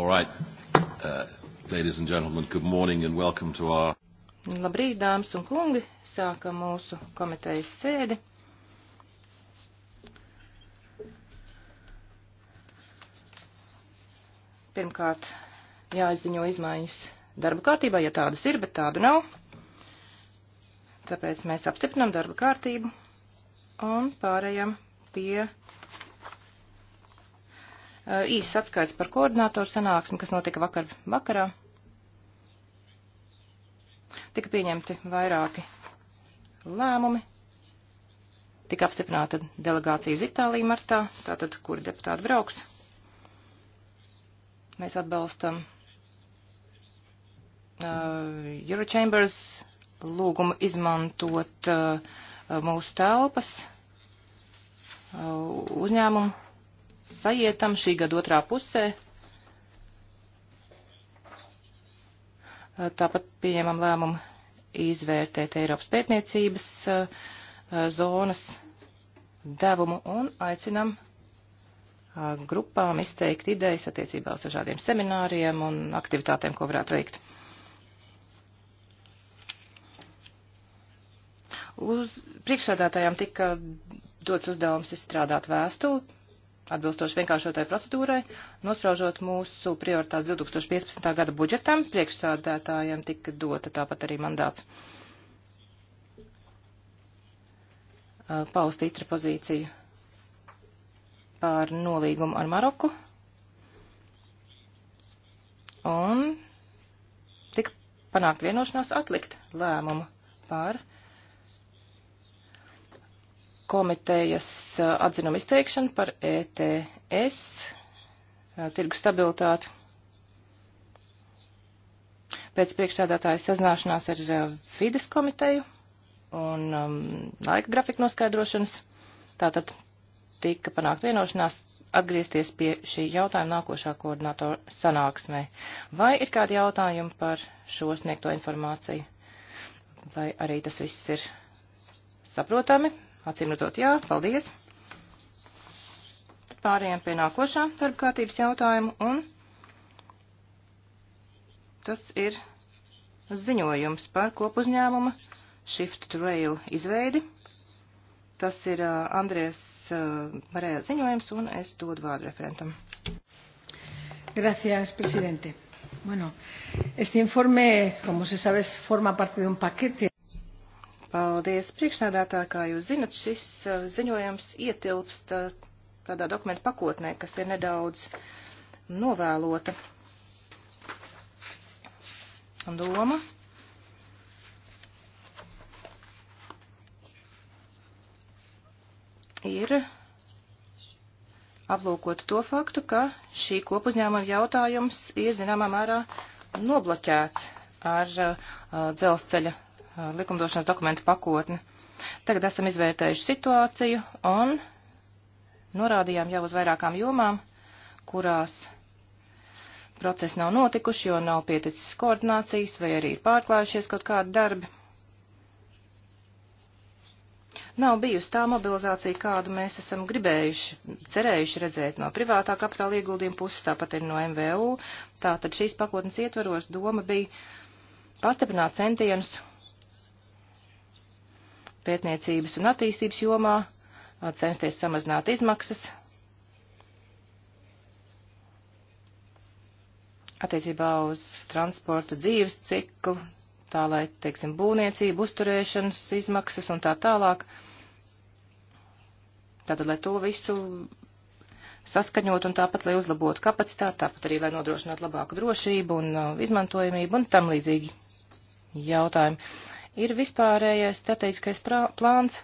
All right. Uh, ladies and gentlemen, good morning and welcome to our. Labrīt, dāmas un kungi, sākam mūsu komitejas sēdi. Pirmkārt, jāizziņo izmaiņas darba kārtībā, ja tādas ir, bet tādu nav. Tāpēc mēs apstiprinām darba kārtību un pārējām pie Eh, īsts atskaits par koordinātoru sanāksmi, kas notika vakar vakarā. Tika pieņemti vairāki lēmumi. Tika apstiprināta delegācija uz Itāliju martā, tātad kuri deputāti brauks. Mēs atbalstam uh, Eurochambers lūgumu izmantot uh, mūsu telpas uh, uzņēmumu sajietam šī gada otrā pusē. Tāpat pieņemam lēmumu izvērtēt Eiropas pētniecības eh, zonas devumu un aicinam eh, grupām izteikt idejas attiecībā uz dažādiem semināriem un aktivitātēm, ko varētu veikt. Uz priekšsādātājām tika dots uzdevums izstrādāt vēstuli atbilstoši vienkāršotai procedūrai, nospraužot mūsu prioritātes 2015. gada budžetam, priekšsādātājiem tika dota tāpat arī mandāts paust itra pozīciju pār nolīgumu ar Maroku. Un tika panākt vienošanās atlikt lēmumu pār komitejas atzinuma izteikšanu par ETS, tirgu stabilitāti. Pēc priekšsēdētāja sazināšanās ar vides komiteju un um, laika grafika noskaidrošanas, tātad tika panākt vienošanās atgriezties pie šī jautājuma nākošā koordinātora sanāksmē. Vai ir kādi jautājumi par šo sniegto informāciju? Vai arī tas viss ir saprotami? Acīmredzot, jā, paldies. Tad pārējām pie nākošā darba kārtības jautājuma, un tas ir ziņojums par kopuzņēmuma Shift Trail izveidi. Tas ir uh, Andries uh, Marēja ziņojums, un es dodu vārdu referentam. Gracias, presidente. Bueno, este informe, como se sabe, forma parte de un paquete. Paldies, priekšsēdētāji, kā jūs zinat, šis uh, ziņojums ietilpst uh, tādā dokumentu pakotnē, kas ir nedaudz novēlota. Un doma. Ir aplūkot to faktu, ka šī kopuzņēmuma jautājums ir zināmā mērā nobloķēts ar uh, dzelzceļa Uh, likumdošanas dokumentu pakotni. Tagad esam izvērtējuši situāciju un norādījām jau uz vairākām jomām, kurās procesi nav notikuši, jo nav pieticis koordinācijas vai arī ir pārklājušies kaut kādi darbi. Nav bijusi tā mobilizācija, kādu mēs esam gribējuši, cerējuši redzēt no privātā kapitāla ieguldījuma puses, tāpat ir no MVU. Tātad šīs pakotnes ietvaros doma bija pastiprināt centienus pētniecības un attīstības jomā, censties samazināt izmaksas. Attiecībā uz transporta dzīves ciklu, tā lai, teiksim, būvniecība, uzturēšanas izmaksas un tā tālāk. Tātad, lai to visu saskaņot un tāpat, lai uzlabotu kapacitāti, tāpat arī, lai nodrošinātu labāku drošību un uh, izmantojamību un tam līdzīgi jautājumi ir vispārējais strateģiskais plāns.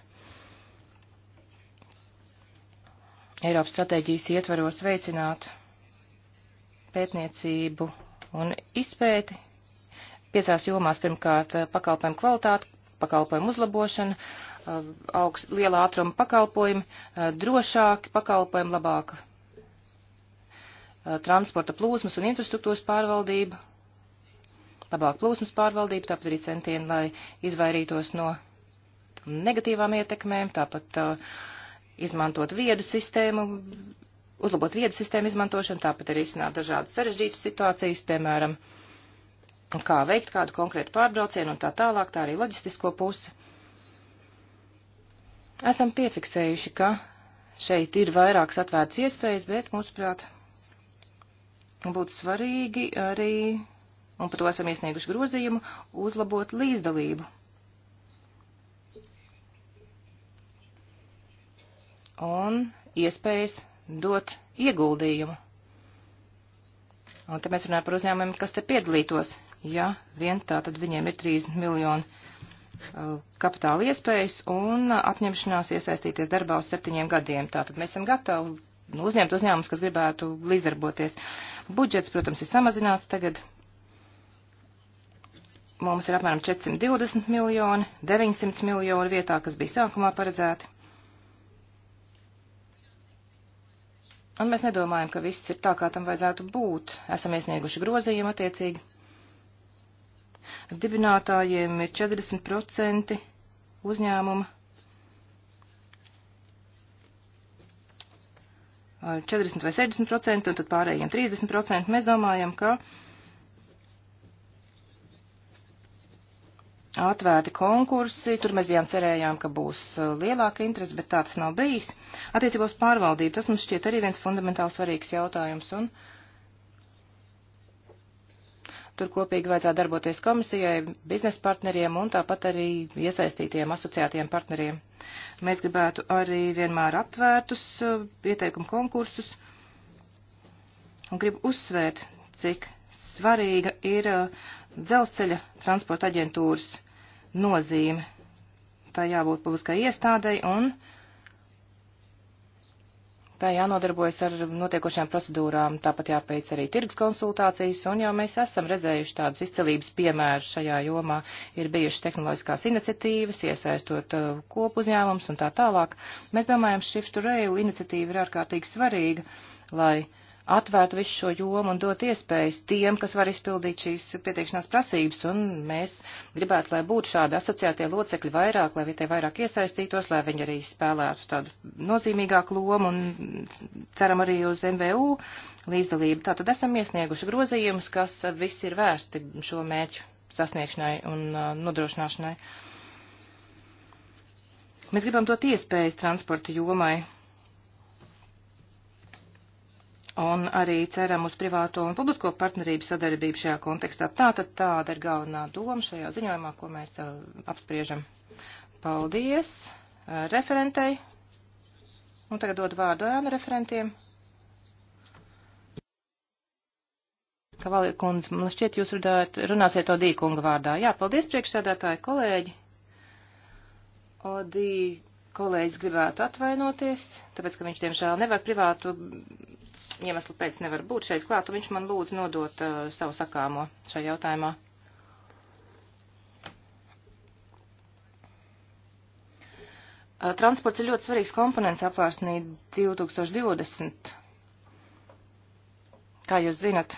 Eiropas stratēģijas ietvaros veicināt pētniecību un izpēti piecās jomās pirmkārt eh, pakalpojumu kvalitāti, pakalpojumu uzlabošana, eh, augst, liela ātruma pakalpojumi, eh, drošāki pakalpojumi, labāka transporta plūsmas un infrastruktūras pārvaldība, labāk plūsmas pārvaldību, tāpat arī centieni, lai izvairītos no negatīvām ietekmēm, tāpat uh, izmantot viedu sistēmu, uzlabot viedu sistēmu izmantošanu, tāpat arī izsināt dažādas sarežģītas situācijas, piemēram, kā veikt kādu konkrētu pārbraucienu un tā tālāk, tā arī loģistisko pusi. Esam piefiksējuši, ka šeit ir vairākas atvērtas iespējas, bet, mūsuprāt, būtu svarīgi arī un par to esam iesnieguši grozījumu, uzlabot līdzdalību. Un iespējas dot ieguldījumu. Un te mēs runājam par uzņēmumiem, kas te piedalītos, ja vien tā tad viņiem ir 30 miljoni uh, kapitāla iespējas un apņemšanās iesaistīties darbā uz septiņiem gadiem. Tātad mēs esam gatavi nu, uzņemt uzņēmumus, kas gribētu līdzdarboties. Budžets, protams, ir samazināts tagad mums ir apmēram 420 miljoni, 900 miljoni vietā, kas bija sākumā paredzēti. Un mēs nedomājam, ka viss ir tā, kā tam vajadzētu būt. Esam iesnieguši grozījumu attiecīgi. Dibinātājiem ir 40% uzņēmuma. 40 vai 60% un tad pārējiem 30%. Mēs domājam, ka uh, atvērti konkursi, tur mēs bijām cerējām, ka būs uh, lielāka interese, bet tā tas nav bijis. Attiecībā uz pārvaldību tas mums šķiet arī viens fundamentāli svarīgs jautājums, un tur kopīgi vajadzētu darboties komisijai, biznesa partneriem un tāpat arī iesaistītiem asociētiem partneriem. Mēs gribētu arī vienmēr atvērtus pieteikumu uh, konkursus un gribu uzsvērt, cik svarīga ir uh, dzelzceļa transporta aģentūras nozīme. Tā jābūt publiskai iestādei un tā jānodarbojas ar notiekošajām procedūrām. Tāpat jāpeic arī tirgus konsultācijas, un jau mēs esam redzējuši tādas izcelības piemērus šajā jomā. Ir bijušas tehnoloģiskās iniciatīvas, iesaistot uh, kopu uzņēmums un tā tālāk. Mēs domājam, Shift to Rail iniciatīva ir ārkārtīgi svarīga, lai uh, atvērtu visu šo jomu un dot iespējas tiem, kas var izpildīt šīs pieteikšanās prasības, un mēs gribētu, lai būtu šādi asociētie locekļi vairāk, lai vietē vairāk iesaistītos, lai viņi arī spēlētu tādu nozīmīgāku lomu, un ceram arī uz MVU līdzdalību. Tātad esam iesnieguši grozījumus, kas viss ir vērsti šo mērķu sasniegšanai un uh, nodrošināšanai. Mēs gribam dot iespējas transporta jomai un arī ceram uz privāto un publisko partnerību sadarbību šajā kontekstā. Tātad tāda ir galvenā doma šajā ziņojumā, ko mēs uh, apspriežam. Paldies uh, referentei. Un tagad dod vārdu ēnu referentiem. Kavalija kundze, man šķiet, jūs runājat, runāsiet Odī kunga vārdā. Jā, paldies priekšsēdētāji kolēģi. Odī kolēģis gribētu atvainoties, tāpēc, ka viņš, diemžēl, nevar privātu iemeslu pēc nevar būt šeit klāt, un viņš man lūdz nodot uh, savu sakāmo šajā jautājumā. Uh, transports ir ļoti svarīgs komponents apvārsnī 2020. Kā jūs zinat,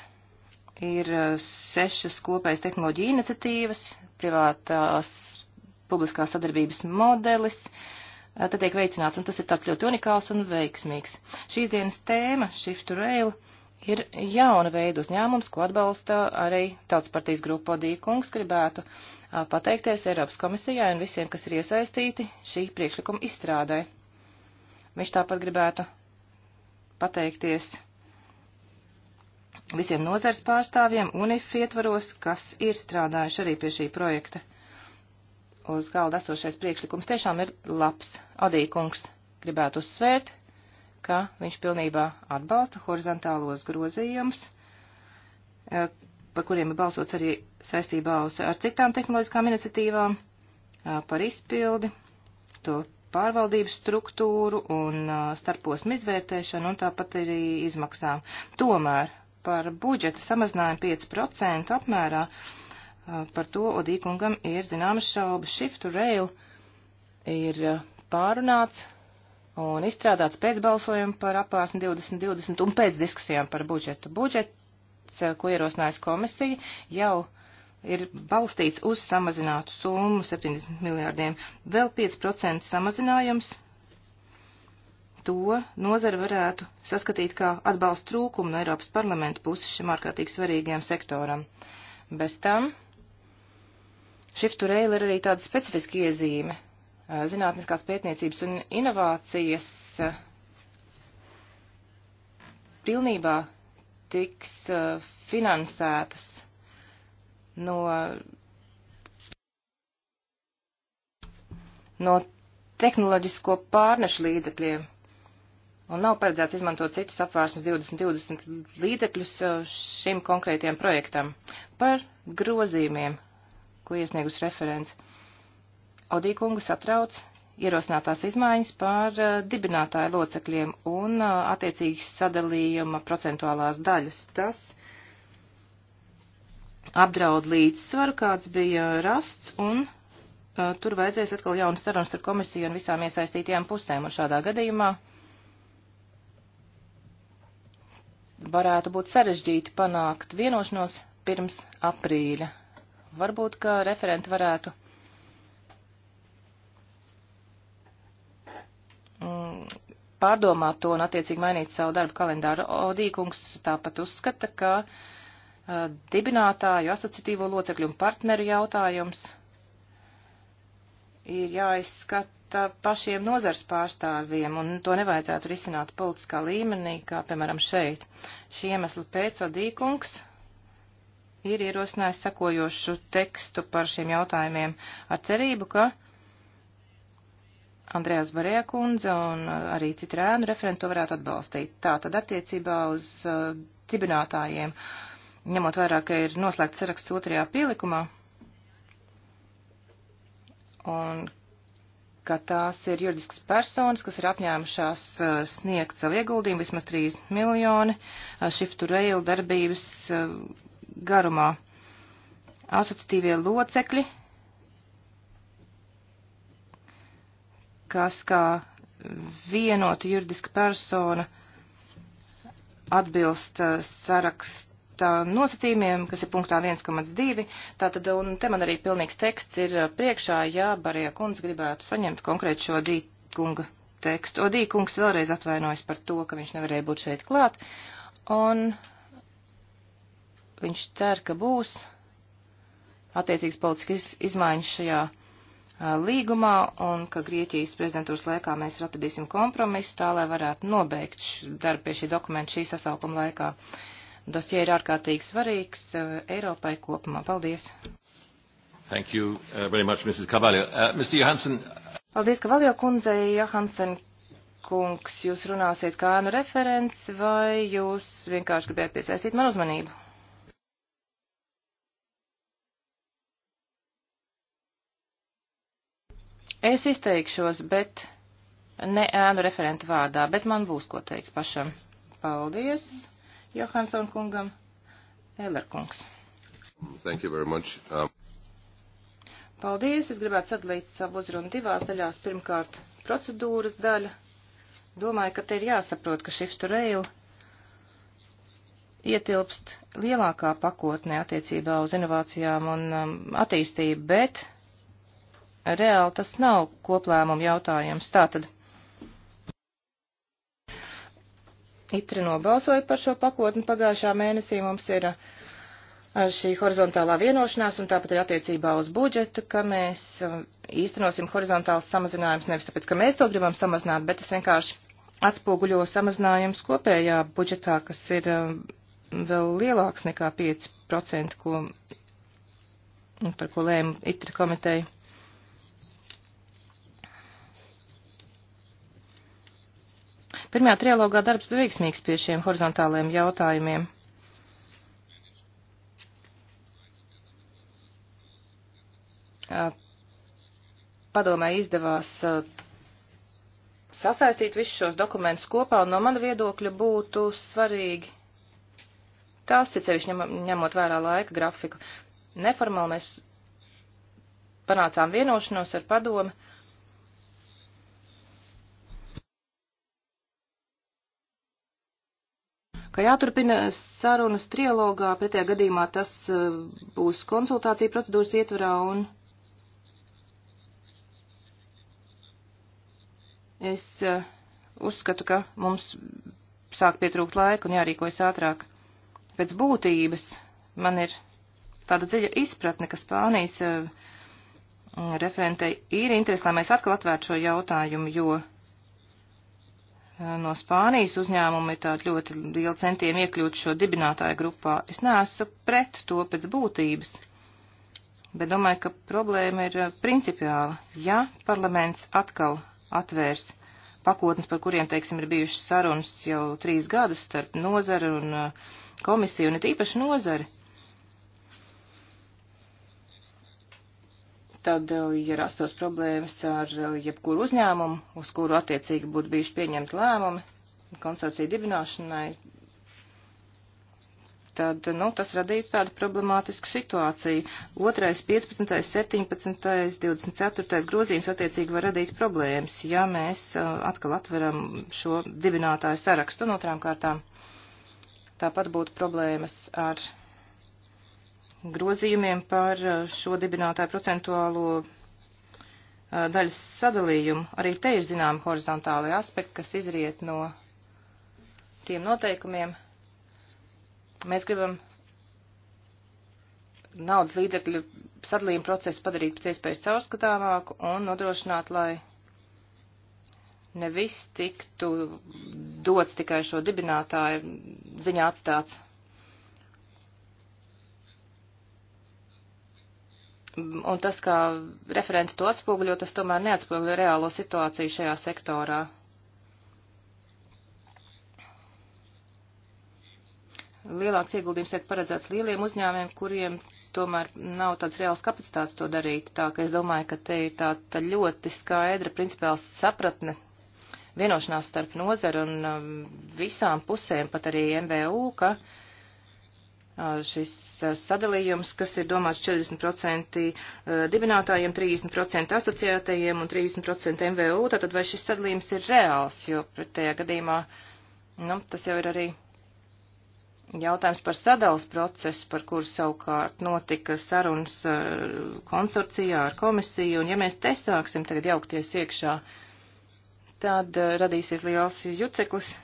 ir uh, sešas kopējas tehnoloģija iniciatīvas, privātās publiskās sadarbības modelis, uh, Eh, tad tiek veicināts, un tas ir tāds ļoti unikāls un veiksmīgs. Šīs dienas tēma Shift to Rail ir jauna veida uzņēmums, ko atbalsta arī Tautas partijas grupa Dīkungs gribētu eh, pateikties Eiropas komisijai un visiem, kas ir iesaistīti šī priekšlikuma izstrādē. Viņš tāpat gribētu pateikties visiem nozars pārstāvjiem UNIF ietvaros, kas ir strādājuši arī pie šī projekta uz galda esošais priekšlikums tiešām ir labs. Adīkungs gribētu uzsvērt, ka viņš pilnībā atbalsta horizontālos grozījumus, eh, par kuriem ir balsots arī saistībā uz, ar citām tehnoloģiskām iniciatīvām, eh, par izpildi, to pārvaldības struktūru un eh, starposmu izvērtēšanu un tāpat arī izmaksām. Tomēr par budžeta samazinājumu 5% apmērā uh, Eh, par to Odīkungam ir zināmas šaubas. Shift to Rail ir eh, pārunāts un izstrādāts pēc balsojuma par apvārsni 2020 un pēc diskusijām par budžetu. Budžets, eh, ko ierosinājusi komisija, jau ir balstīts uz samazinātu summu 70 miljārdiem. Vēl 5% samazinājums to nozara varētu saskatīt kā atbalstu trūkumu no Eiropas parlamenta puses šim ārkārtīgi svarīgajam sektoram. Bez tam Shift to Rail ir arī tāda specifiska iezīme zinātniskās pētniecības un inovācijas pilnībā tiks finansētas no, no tehnoloģisko pārnešu līdzekļiem un nav paredzēts izmantot citus apvārsnes 2020 līdzekļus šim konkrētajam projektam par grozījumiem ko iesniegus referents. Odīkungu satrauc ierosinātās izmaiņas pār eh, dibinātāju locekļiem un eh, attiecīgi sadalījuma procentuālās daļas. Tas apdraud līdzsvaru, kāds bija rasts, un uh, tur vajadzēs atkal jaunas sarunas ar komisiju un visām iesaistītajām pusēm, un šādā gadījumā varētu būt sarežģīti panākt vienošanos pirms aprīļa Varbūt, ka referenti varētu mm, pārdomāt to un attiecīgi mainīt savu darbu kalendāru. Odīkungs tāpat uzskata, ka uh, dibinātāju, asociatīvo locekļu un partneru jautājums ir jāizskata pašiem nozars pārstāvjiem, un to nevajadzētu risināt politiskā līmenī, kā piemēram šeit. Šī iemesla pēc Odīkungs ir ierosinājis sakojošu tekstu par šiem jautājumiem ar cerību, ka Andrējas Barē kundze un arī citi rēnu referenti to varētu atbalstīt. Tā tad attiecībā uz uh, dibinātājiem, ņemot vairāk, ka ir noslēgts saraksts otrajā pielikumā, un ka tās ir juridiskas personas, kas ir apņēmušās uh, sniegt savu ieguldījumu vismaz 3 miljoni uh, Shift to Rail darbības uh, garumā. Asociatīvie locekļi, kas kā vienota juridiska persona atbilst uh, sarakstā nosacījumiem, kas ir punktā 1,2. Tātad, un te man arī pilnīgs teksts ir uh, priekšā, ja Barija kundze gribētu saņemt konkrēt šo dīkunga tekstu. Odīkungs vēlreiz atvainojas par to, ka viņš nevarēja būt šeit klāt. Un viņš cer, ka būs attiecīgs politiskas izmaiņas šajā līgumā un ka Grieķijas prezidentūras laikā mēs atradīsim kompromisu tā, lai varētu nobeigt darbu pie šī dokumenta šī sasaukuma laikā. Dosie ir ārkārtīgi svarīgs Eiropai kopumā. Paldies! Thank you very much, Mrs. Cavallo. Uh, Mr. Johansen. Paldies, Cavallo kundze. Johansen kungs, jūs runāsiet kā nu referents vai jūs vienkārši gribējat piesaistīt man uzmanību? Es izteikšos, bet ne ēnu referentu vārdā, bet man būs ko teikt pašam. Paldies Johansson kungam. Eller kungs. Thank you very much. Um... Paldies. Es gribētu sadalīt savu uzrunu divās daļās. Pirmkārt, procedūras daļa. Domāju, ka te ir jāsaprot, ka Shift to Rail ietilpst lielākā pakotnē attiecībā uz inovācijām un um, attīstību, bet reāli tas nav koplēmuma jautājums. Tātad Itri nobalsoja par šo pakotni pagājušā mēnesī. Mums ir šī horizontālā vienošanās un tāpat arī attiecībā uz budžetu, ka mēs īstenosim horizontāls samazinājums nevis tāpēc, ka mēs to gribam samazināt, bet tas vienkārši atspoguļo samazinājums kopējā budžetā, kas ir vēl lielāks nekā 5%, ko, par ko lēma Itri komiteja. Pirmajā trialogā darbs bija veiksmīgs pie šiem horizontāliem jautājumiem. Padomē izdevās sasaistīt visus šos dokumentus kopā, un no mana viedokļa būtu svarīgi tās, ir sevišķi ņem, ņemot vērā laika grafiku. Neformāli mēs panācām vienošanos ar padomi ka jāturpina sarunas trialogā, pretējā gadījumā tas eh, būs konsultācija procedūras ietvarā un es eh, uzskatu, ka mums sāk pietrūkt laika un jārīkojas ātrāk. Pēc būtības man ir tāda dziļa izpratne, ka Spānijas eh, referentei ir interesi, lai mēs atkal atvērtu šo jautājumu, jo Eh, no Spānijas uzņēmumi ir tādi ļoti lieli centieni iekļūt šo dibinātāju grupā. Es neesmu pret to pēc būtības, bet domāju, ka problēma ir eh, principiāla. Ja parlaments atkal atvērs pakotnes, par kuriem, teiksim, ir bijušas sarunas jau trīs gadus starp nozaru un eh, komisiju, un it īpaši nozari, tad, eh, ja rastos problēmas ar eh, jebkuru uzņēmumu, uz kuru attiecīgi būtu bijuši pieņemti lēmumi konsorcija dibināšanai, tad, nu, tas radītu tādu problemātisku situāciju. Otrais, 15., 17., 24. grozījums attiecīgi var radīt problēmas, ja mēs eh, atkal atveram šo dibinātāju sarakstu un otrām kārtām. Tāpat būtu problēmas ar grozījumiem par eh, šo dibinātāju procentuālo eh, daļas sadalījumu. Arī te ir zināmi horizontālai aspekti, kas izriet no tiem noteikumiem. Mēs gribam naudas līdzekļu sadalījumu procesu padarīt pēc iespējas caurskatāmāku un nodrošināt, lai ne viss tiktu dots tikai šo dibinātāju ziņā atstāts Un tas, kā referenti to atspoguļo, tas tomēr neatspoguļo reālo situāciju šajā sektorā. Lielāks ieguldījums tiek paredzēts lieliem uzņēmiem, kuriem tomēr nav tāds reāls kapacitāts to darīt. Tā ka es domāju, ka te ir tā, tā ļoti skaidra principāls sapratne, vienošanās starp nozaru un um, visām pusēm, pat arī MVU, ka uh, šis sadalījums, kas ir domāts 40% dibinātājiem, 30% asociētajiem un 30% MVU, tātad vai šis sadalījums ir reāls, jo pretējā gadījumā nu, tas jau ir arī jautājums par sadalas procesu, par kuru savukārt notika sarunas konsorcijā ar komisiju, un ja mēs te sāksim tagad jaukties iekšā, tad radīsies liels juceklis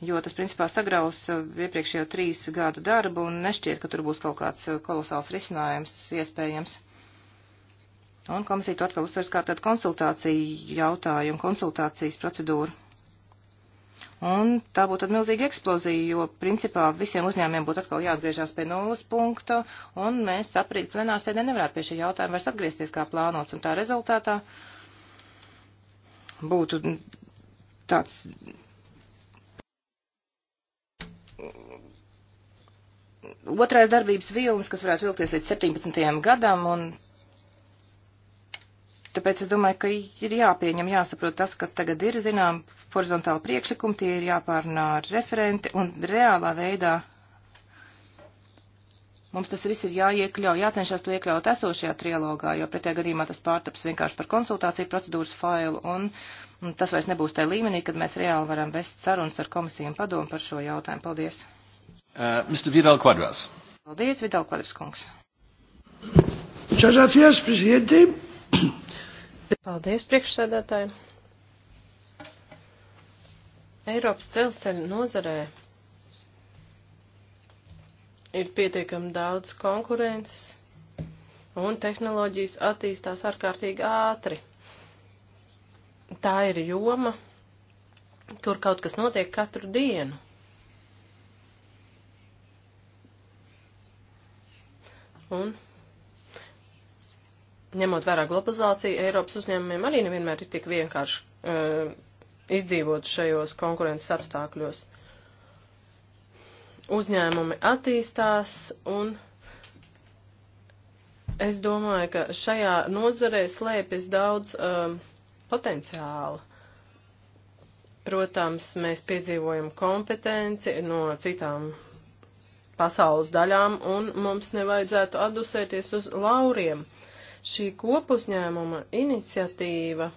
jo tas principā sagraus uh, iepriekšējo trīs gadu darbu un nešķiet, ka tur būs kaut kāds uh, kolosāls risinājums iespējams. Un komisija to atkal uzsvers kā tādu konsultāciju jautājumu, konsultācijas procedūru. Un tā būtu tad milzīga eksplozija, jo principā visiem uzņēmiem būtu atkal jāatgriežās pie nulles punkta, un mēs aprīt plenārsēdē nevarētu pie šī jautājuma vairs atgriezties kā plānots, un tā rezultātā būtu tāds otrais darbības vilnis, kas varētu vilkties līdz 17. gadam, un tāpēc es domāju, ka ir jāpieņem, jāsaprot tas, ka tagad ir, zinām, horizontāli priekšlikumi, tie ir jāpārnā referenti, un reālā veidā Mums tas viss ir jāiekļauj, jācenšas to iekļaut esošajā trilogā, jo pretējā gadījumā tas pārtaps vienkārši par konsultāciju procedūras failu, un tas vairs nebūs tajā līmenī, kad mēs reāli varam vest sarunas ar komisiju un padomu par šo jautājumu. Paldies. Uh, Mr. Vidal Quadras. Paldies, Vidal Quadras kungs. Paldies, priekšsēdētāji. Eiropas dzelzceļa nozarē ir pietiekami daudz konkurences, un tehnoloģijas attīstās ārkārtīgi ātri. Tā ir joma, kur kaut kas notiek katru dienu. Un ņemot vērā globalizāciju, Eiropas uzņēmumiem arī nevienmēr ir tik vienkārši uh, izdzīvot šajos konkurences apstākļos. Uh, uzņēmumi attīstās un es domāju, ka šajā nozarē slēpjas daudz um, potenciāla. Protams, mēs piedzīvojam kompetenci no citām pasaules daļām un mums nevajadzētu atdusēties uz lauriem. Šī kopuzņēmuma iniciatīva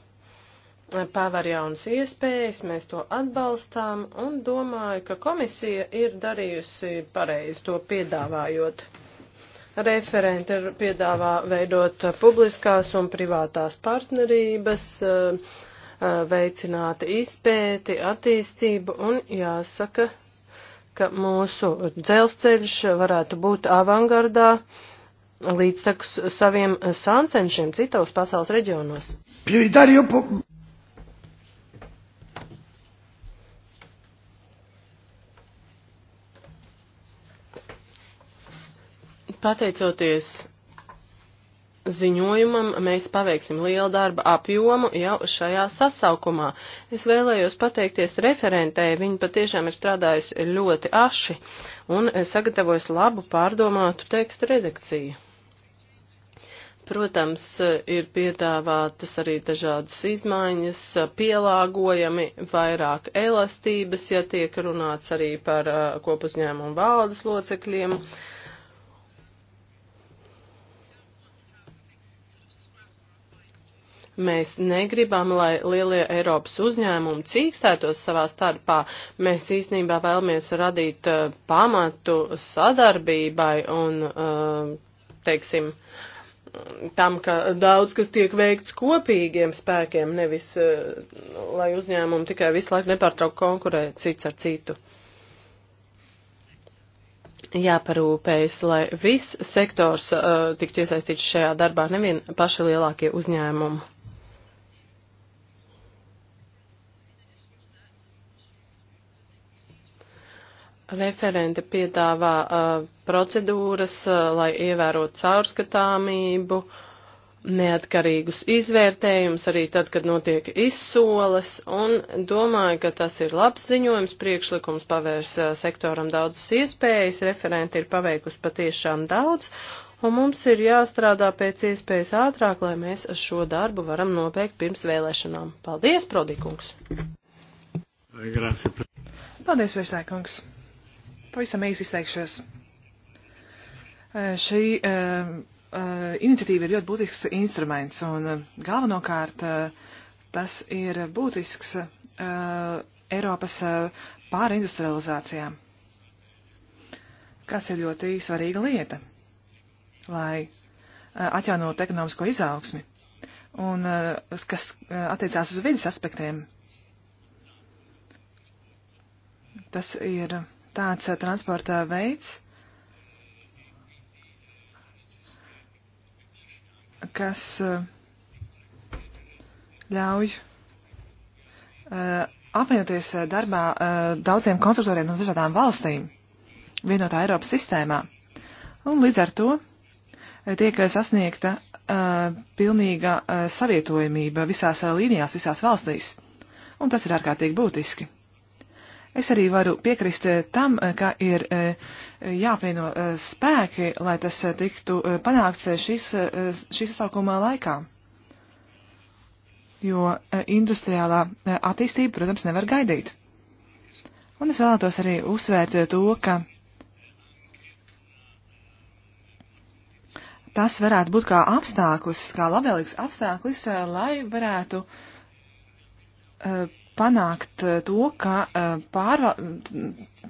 paver jaunas iespējas, mēs to atbalstām un domāju, ka komisija ir darījusi pareizi to piedāvājot. Referenti piedāvā veidot publiskās un privātās partnerības, eh, eh, veicināt izpēti, attīstību un jāsaka, ka mūsu dzelzceļš varētu būt avangardā līdztekus saviem sāncenšiem citos pasaules reģionos. Prioritāri jau. Pateicoties ziņojumam mēs paveiksim lielu darba apjomu jau šajā sasaukumā. Es vēlējos pateikties referentēji, viņa patiešām ir strādājusi ļoti aši un sagatavojusi labu pārdomātu tekstu redakciju. Protams, ir piedāvātas arī dažādas izmaiņas, pielāgojami vairāk elastības, ja tiek runāts arī par uh, kopuzņēmumu valdes locekļiem. Uh, Mēs negribam, lai lielie Eiropas uzņēmumi cīkstētos savā starpā. Mēs īstenībā vēlamies radīt uh, pamatu sadarbībai un, uh, teiksim, tam, ka daudz kas tiek veikts kopīgiem spēkiem, nevis, uh, lai uzņēmumi tikai visu laiku nepārtrauk konkurē cits ar citu jāparūpējas, lai viss sektors uh, tiktu iesaistīts šajā darbā, nevien paši lielākie uzņēmumi. Referente piedāvā uh, procedūras, uh, lai ievērotu caurskatāmību, neatkarīgus izvērtējumus arī tad, kad notiek izsoles, un domāju, ka tas ir labs ziņojums, priekšlikums pavērs uh, sektoram daudzas iespējas, referente ir paveikusi patiešām daudz, un mums ir jāstrādā pēc iespējas ātrāk, lai mēs šo darbu varam nobeigt pirms vēlēšanām. Paldies, Prodikungs! Paldies, Vērslēkungs! Pavisam īsi izteikšos. Šī iniciatīva ir ļoti būtisks instruments, un galvenokārt tas ir būtisks Eiropas pārindustrializācijām, kas ir ļoti svarīga lieta, lai atjaunotu ekonomisko izaugsmi un kas attiecās uz vidas aspektiem. Tas ir tāds transporta veids, kas ļauj apvienoties darbā daudziem konstruktoriem no dažādām valstīm vienotā Eiropas sistēmā. Un līdz ar to tiek sasniegta uh, pilnīga uh, savietojamība visās uh, līnijās, visās valstīs. Un tas ir ārkārtīgi būtiski. Es arī varu piekrist eh, tam, eh, ka ir eh, jāapvieno spēki, lai tas tiktu panākts šīs, šīs sasaukumā laikā. Jo industriālā attīstība, protams, nevar gaidīt. Un es vēlētos arī uzsvērt to, ka tas varētu būt kā apstāklis, kā labvēlīgs apstāklis, lai varētu panākt eh, to, ka eh, pārval...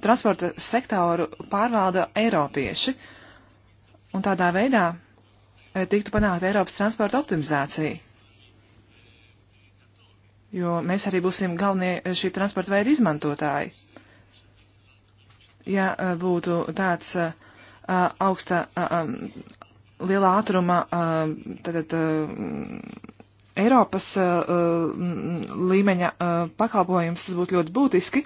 transporta sektoru pārvalda Eiropieši, un tādā veidā eh, tiktu panākt Eiropas transporta optimizācija. Jo mēs arī būsim galvenie šī transporta veida izmantotāji. Ja būtu tāds augsta, lielā ātruma, tad Eiropas uh, uh līmeņa uh, pakalpojums, tas būtu ļoti būtiski.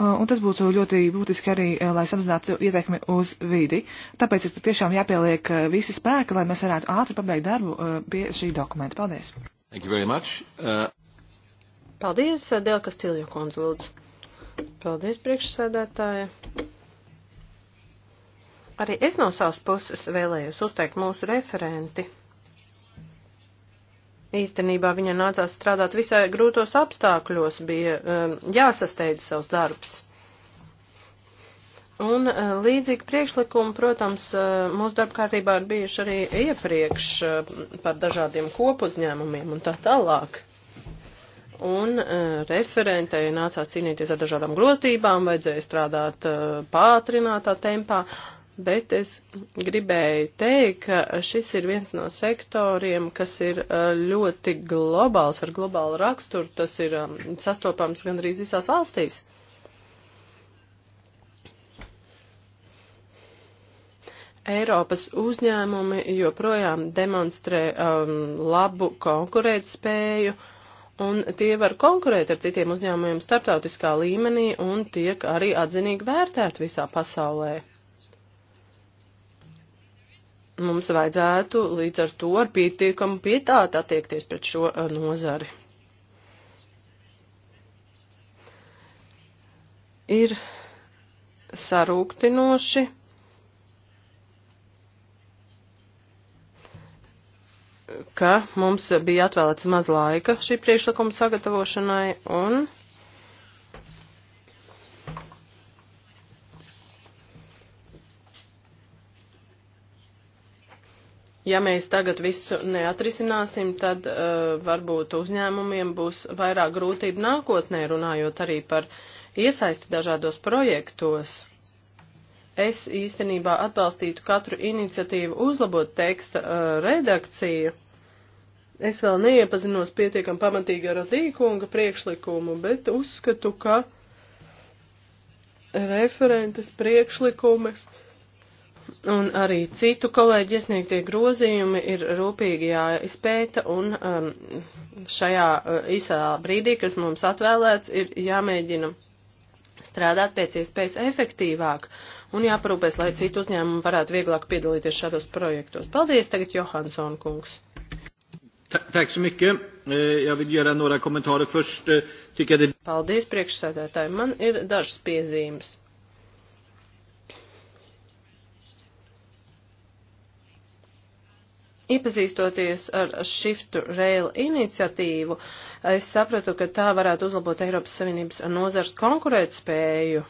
Uh, un tas būtu ļoti būtiski arī, uh, lai samazinātu ietekmi uz vidi. Tāpēc ir tiešām jāpieliek uh, visi spēki, lai mēs varētu ātri pabeigt darbu uh, pie šī dokumenta. Paldies! Thank you very much. Uh... Paldies, uh, Delka Stiljo kundze, lūdzu. Paldies, priekšsēdētāja. Arī es no savas puses vēlējos uzteikt mūsu referenti īstenībā viņai nācās strādāt visai grūtos apstākļos, bija um, jāsasteidz savs darbs. Un uh, līdzīgi priekšlikumi, protams, uh, mūsu darbkārtībā ir bijuši arī iepriekš uh, par dažādiem kopuzņēmumiem un tā tālāk. Un uh, referentei nācās cīnīties ar dažādām grotībām, vajadzēja strādāt uh, pātrinātā tempā bet es gribēju teikt, ka šis ir viens no sektoriem, kas ir uh, ļoti globāls, ar globālu raksturu, tas ir um, sastopams gandrīz visās valstīs. Eiropas uzņēmumi joprojām demonstrē um, labu konkurētspēju, un tie var konkurēt ar citiem uzņēmumiem starptautiskā līmenī un tiek arī atzinīgi vērtēti visā pasaulē mums vajadzētu līdz ar to ar pietiekamu pietātu attiekties pret šo eh, nozari. Ir sarūktinoši. ka mums bija atvēlēts maz laika šī priekšlikuma sagatavošanai un Ja mēs tagad visu neatrisināsim, tad uh, varbūt uzņēmumiem būs vairāk grūtību nākotnē, runājot arī par iesaisti dažādos projektos. Es īstenībā atbalstītu katru iniciatīvu uzlabot teksta uh, redakciju. Es vēl neiepazinos pietiekam pamatīgi ar Rīkunga priekšlikumu, bet uzskatu, ka referentes priekšlikumas. Uh, un arī citu kolēģi iesniegtie grozījumi ir rūpīgi jāizpēta un um, šajā uh, īsā brīdī, kas mums atvēlēts, ir jāmēģina strādāt pēc iespējas efektīvāk un jāparūpēs, lai citu uzņēmumu varētu vieglāk piedalīties šādos projektos. Paldies, tagad Johansson kungs. Tack så mycket. Eh, jag vill göra några kommentarer först. Eh, tycker jag det... Paldies, priekšsēdētāji. Man ir dažas piezīmes. Iepazīstoties ar Shift to Rail iniciatīvu, es sapratu, ka tā varētu uzlabot Eiropas Savienības nozars konkurētspēju.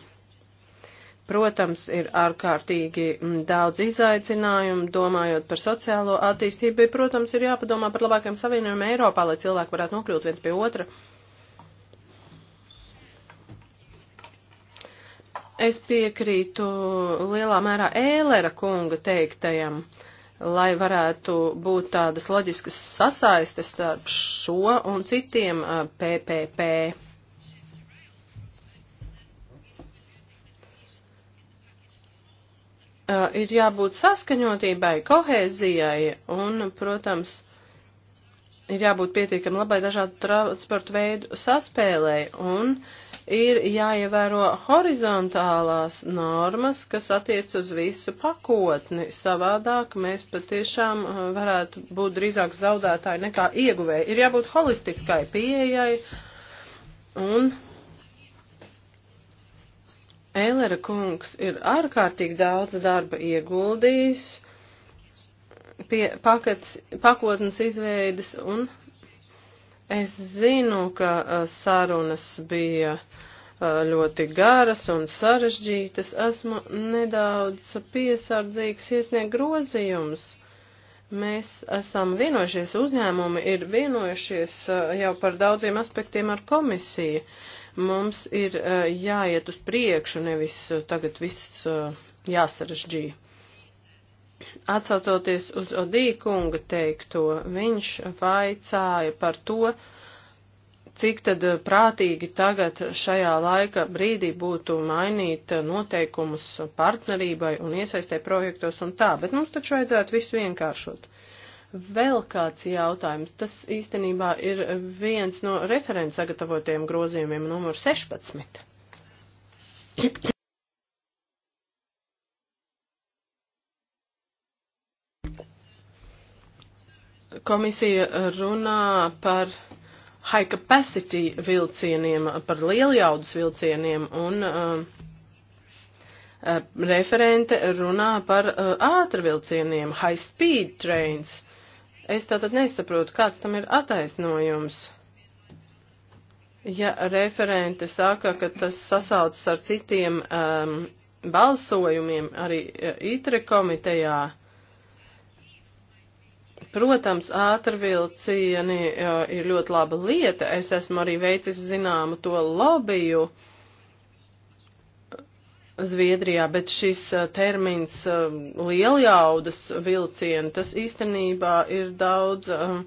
Protams, ir ārkārtīgi mm, daudz izaicinājumu, domājot par sociālo attīstību, bet, protams, ir jāpadomā par labākiem savienojumiem Eiropā, lai cilvēki varētu nokļūt viens pie otra. Es piekrītu lielā mērā Ēlera kunga teiktajam. Uh, lai varētu būt tādas loģiskas sasaistes starp šo un citiem PPP. Ir jābūt saskaņotībai, kohēzijai un, protams, ir jābūt pietiekami labai dažādu transportu veidu saspēlēji un uh, ir jāievēro horizontālās normas, kas attiec uz visu pakotni. Savādāk mēs patiešām uh, varētu būt drīzāk zaudētāji nekā ieguvēji. Ir jābūt holistiskai pieejai un Ēlera kungs ir ārkārtīgi daudz darba ieguldījis pie pakats, pakotnes izveidas, un Es zinu, ka sarunas bija ļoti garas un sarežģītas. Esmu nedaudz piesardzīgs iesniegt grozījumus. Mēs esam vienojušies, uzņēmumi ir vienojušies jau par daudziem aspektiem ar komisiju. Mums ir jāiet uz priekšu, nevis tagad viss jāsarežģīja. Atsaucoties uz Odī kunga teikto, viņš vaicāja par to, cik tad eh, prātīgi tagad šajā laika brīdī būtu mainīt eh, noteikumus partnerībai un iesaistē projektos un tā, bet mums taču vajadzētu visu vienkāršot. Vēl kāds jautājums, tas īstenībā ir viens no referents sagatavotiem grozījumiem numur 16. Komisija runā par high capacity vilcieniem, par lieljaudas vilcieniem un uh, uh, referente runā par uh, ātrvilcieniem, high speed trains. Es tātad nesaprotu, kāds tam ir attaisnojums. Ja referente saka, ka tas sasaucas ar citiem um, balsojumiem arī uh, ITRE komitejā, Protams, ātrvilcieni ir ļoti laba lieta. Es esmu arī veicis zināmu to lobiju Zviedrijā, bet šis termins lieljaudas vilcieni, tas īstenībā ir daudz um,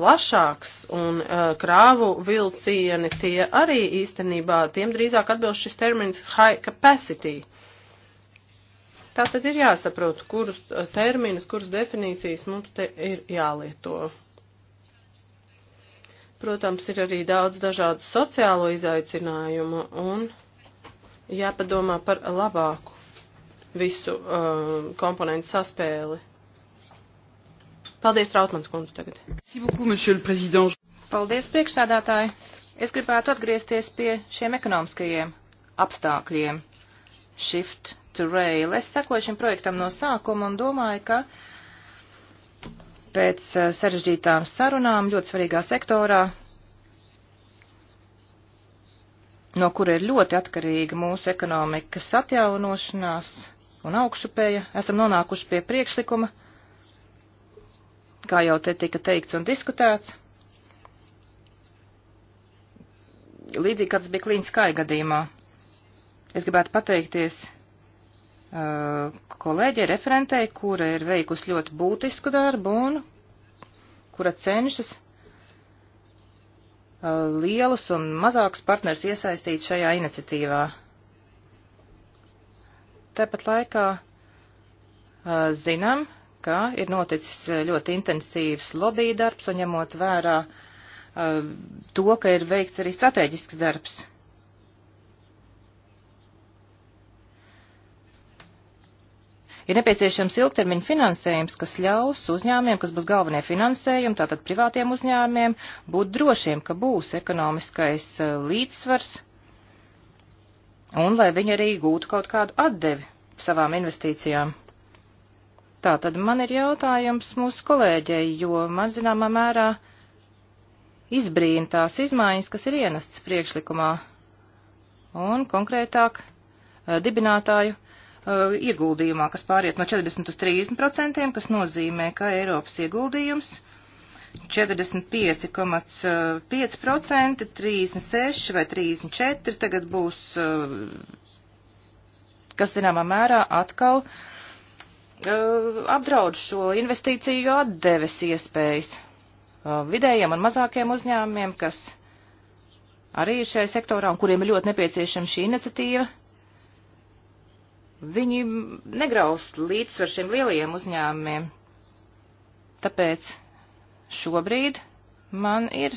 plašāks un krāvu vilcieni, tie arī īstenībā, tiem drīzāk atbilst šis termins high capacity. Uh, Tā tad ir jāsaprot, kurus eh, terminus, kuras definīcijas mums te ir jālieto. Protams, ir arī daudz dažādu sociālo izaicinājumu un jāpadomā par labāku visu uh, komponentu saspēli. Paldies, Trautmans kundze, tagad. Paldies, priekšsādātāji. Es gribētu atgriezties pie šiem ekonomiskajiem apstākļiem. Shift to Rail. Es sekoju šim projektam no sākuma un domāju, ka pēc eh, sarežģītām sarunām ļoti svarīgā sektorā, no kura ir ļoti atkarīga mūsu ekonomikas atjaunošanās un augšupēja, esam nonākuši pie priekšlikuma, kā jau te tika teikts un diskutēts. Līdzīgi kā tas bija klīņa skai gadījumā. Es gribētu pateikties Eh, kolēģei referentei, kura ir veikusi ļoti būtisku darbu un kura cenšas eh, lielus un mazākus partners iesaistīt šajā iniciatīvā. Tāpat laikā eh, zinām, ka ir noticis ļoti intensīvs lobby darbs un ņemot vērā to, ka ir veikts arī strateģisks darbs Ir nepieciešams ilgtermiņa finansējums, kas ļaus uzņēmiem, kas būs galvenie finansējumi, tātad privātiem uzņēmiem, būt drošiem, ka būs ekonomiskais eh, līdzsvars un lai viņi arī gūtu kaut kādu atdevi savām investīcijām. Tātad man ir jautājums mūsu kolēģei, jo man zināmā mērā izbrīna tās izmaiņas, kas ir ienestas priekšlikumā, un konkrētāk eh, dibinātāju Uh, ieguldījumā, kas pāriet no 40 uz 30 procentiem, kas nozīmē, ka Eiropas ieguldījums 45,5%, 36 uh, vai 34 tagad būs, uh, kas zināmā mērā atkal apdraud šo investīciju atdeves iespējas vidējiem un mazākiem uzņēmumiem, kas arī ir šajā sektorā un kuriem ir ļoti nepieciešama šī iniciatīva Viņi negraust līdzsvar šiem lielajiem uzņēmumiem. Tāpēc šobrīd man ir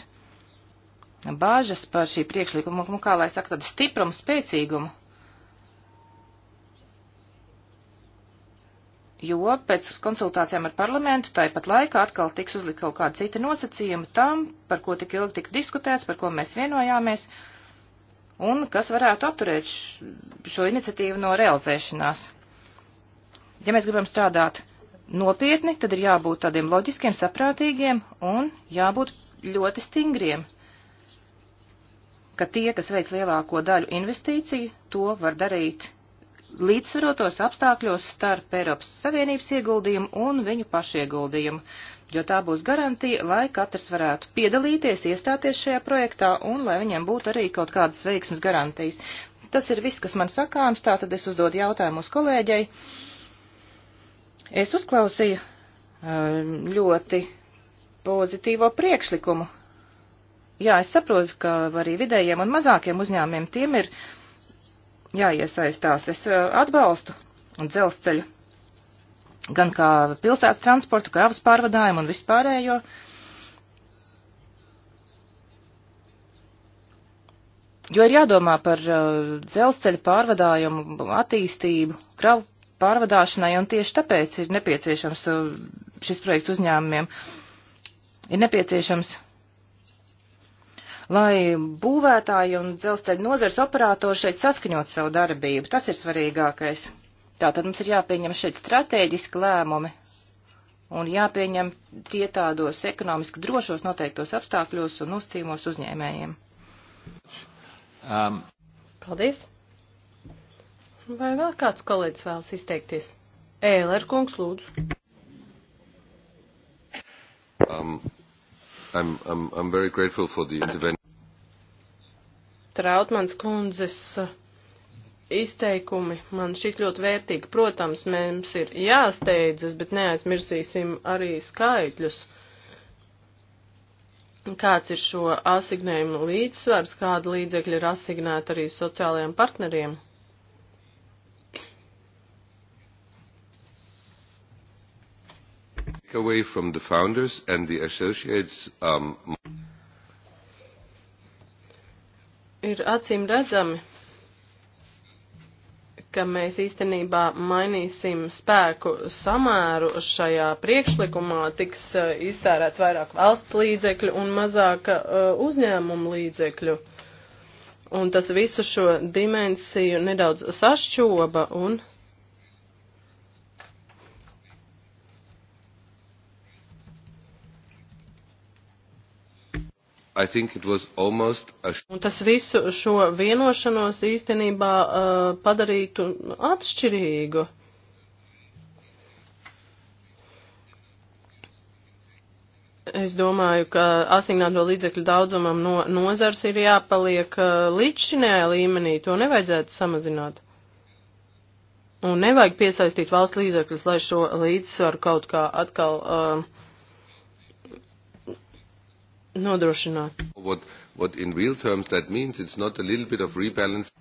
bāžas par šī priekšlikuma, kā lai saka, tādu stiprumu, spēcīgumu. Jo pēc konsultācijām ar parlamentu tāpat laikā atkal tiks uzlikt kaut kāda cita nosacījuma tam, par ko tik ilgi tika diskutēts, par ko mēs vienojāmies. Uh, un kas varētu apturēt šo iniciatīvu no realizēšanās. Ja mēs gribam strādāt nopietni, tad ir jābūt tādiem loģiskiem, saprātīgiem un jābūt ļoti stingriem, ka tie, kas veic lielāko daļu investīciju, to var darīt līdzsvarotos apstākļos starp Eiropas Savienības ieguldījumu un viņu pašu ieguldījumu jo tā būs garantija, lai katrs varētu piedalīties, iestāties šajā projektā un lai viņiem būtu arī kaut kādas veiksmas garantijas. Tas ir viss, kas man sakāms, tā tad es uzdodu jautājumu uz kolēģei. Es uzklausīju um, ļoti pozitīvo priekšlikumu. Jā, es saprotu, ka arī vidējiem un mazākiem uzņēmumiem tiem ir jāiesaistās. Es uh, atbalstu dzelzceļu gan kā pilsētas transportu, kravas pārvadājumu un vispārējo. Jo ir jādomā par uh, dzelzceļa pārvadājumu attīstību, kravu pārvadāšanai, un tieši tāpēc ir nepieciešams uh, šis projekts uzņēmumiem. Ir nepieciešams, lai būvētāji un dzelzceļa nozars operātori šeit saskaņot savu darbību. Tas ir svarīgākais. Tātad mums ir jāpieņem šeit strateģiski lēmumi un jāpieņem tie tādos ekonomiski drošos noteiktos apstākļos un uzcīmos uzņēmējiem. Um. Paldies! Vai vēl kāds kolēģis vēlas izteikties? Ēler kungs, lūdzu. Um, I'm, I'm, I'm very grateful for the intervention. Trautmans kundzes. Uh, izteikumi man šķiet ļoti vērtīgi. Protams, mums ir jāsteidzas, bet neaizmirsīsim arī skaitļus. Kāds ir šo asignējumu līdzsvars, kāda līdzekļa ir asignēta arī sociālajiem partneriem? away from the founders and the associates um, ir acīm redzami, ka mēs īstenībā mainīsim spēku samēru šajā priekšlikumā, tiks eh, iztērēts vairāk valsts līdzekļu un mazāk eh, uzņēmumu līdzekļu. Un tas visu šo dimensiju nedaudz sašķoba un Un tas visu šo vienošanos īstenībā uh, padarītu atšķirīgu. Es domāju, ka asignēto līdzekļu daudzumam no nozars ir jāpaliek uh, līdzšinējā līmenī, to nevajadzētu samazināt. Un nevajag piesaistīt valsts līdzekļus, lai šo līdzsvaru kaut kā atkal uh, nodrošināt. What, what in real terms that means, it's not a little bit of rebalance.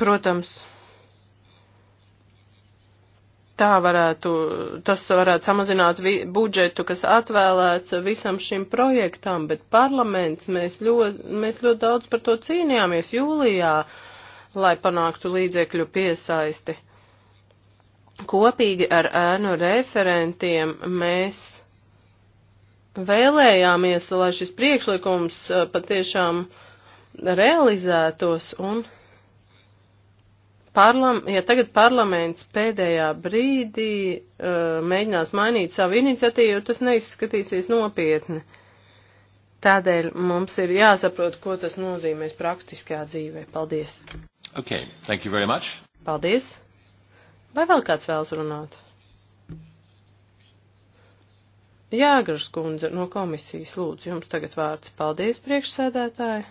Protams, tā varētu, tas varētu samazināt vi, budžetu, kas atvēlēts visam šim projektam, bet parlaments, mēs ļoti, mēs ļoti daudz par to cīnījāmies jūlijā, lai panāktu līdzekļu piesaisti kopīgi ar ēnu referentiem mēs vēlējāmies, lai šis priekšlikums patiešām realizētos un parlam, ja tagad parlaments pēdējā brīdī uh, mēģinās mainīt savu iniciatīvu, tas neizskatīsies nopietni. Tādēļ mums ir jāsaprot, ko tas nozīmēs praktiskajā dzīvē. Paldies! Okay, thank you very much. Paldies! Vai vēl kāds vēlas runāt? Jāgars kundze no komisijas lūdzu, jums tagad vārds. Paldies, priekšsēdētāji.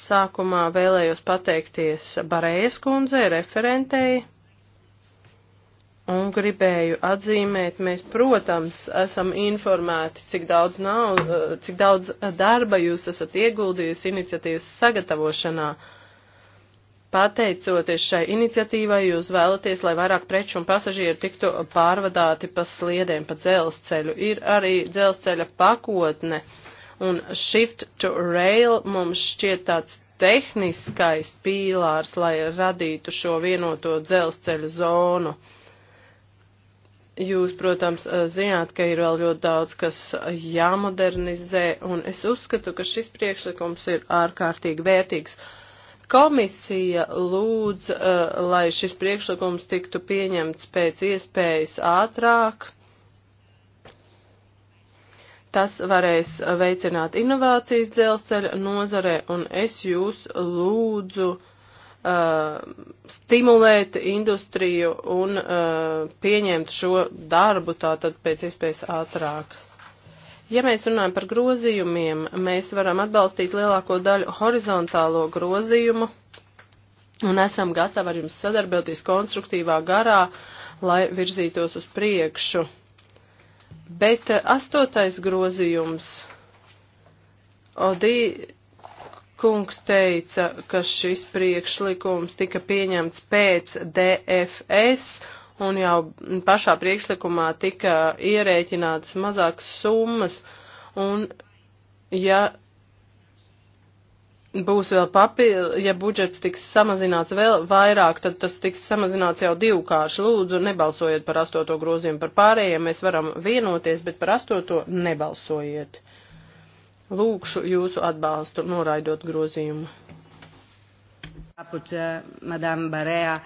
Sākumā vēlējos pateikties Barējas kundzei, referentei, un gribēju atzīmēt, mēs, protams, esam informēti, cik daudz, nav, cik daudz darba jūs esat ieguldījusi iniciatīvas sagatavošanā. Uh, pateicoties šai iniciatīvai, jūs vēlaties, lai vairāk preču un pasažieru tiktu pārvadāti pa sliedēm, pa dzelzceļu. Ir arī dzelzceļa pakotne, un Shift to Rail mums šķiet tāds tehniskais pīlārs, lai radītu šo vienoto dzelzceļu zonu. Jūs, protams, zināt, ka ir vēl ļoti daudz, kas jāmodernizē, un es uzskatu, ka šis priekšlikums ir ārkārtīgi vērtīgs. Uh, Komisija lūdz, uh, lai šis priekšlikums tiktu pieņemts pēc iespējas ātrāk. Tas varēs veicināt inovācijas dzelzceļa nozarē, un es jūs lūdzu uh, stimulēt industriju un uh, pieņemt šo darbu tātad pēc iespējas ātrāk. Ja mēs runājam par grozījumiem, mēs varam atbalstīt lielāko daļu horizontālo grozījumu un esam gatavi ar jums sadarboties konstruktīvā garā, lai virzītos uz priekšu. Bet eh, astotais grozījums. Odī kungs teica, ka šis priekšlikums tika pieņemts pēc DFS un jau pašā priekšlikumā tika ierēķinātas mazākas summas, un ja būs vēl papildu, ja budžets tiks samazināts vēl vairāk, tad tas tiks samazināts jau divkārši. Lūdzu, nebalsojiet par astoto grozījumu, par pārējiem mēs varam vienoties, bet par astoto nebalsojiet. Lūkšu jūsu atbalstu, noraidot grozījumu. Apuča, Madame Barēā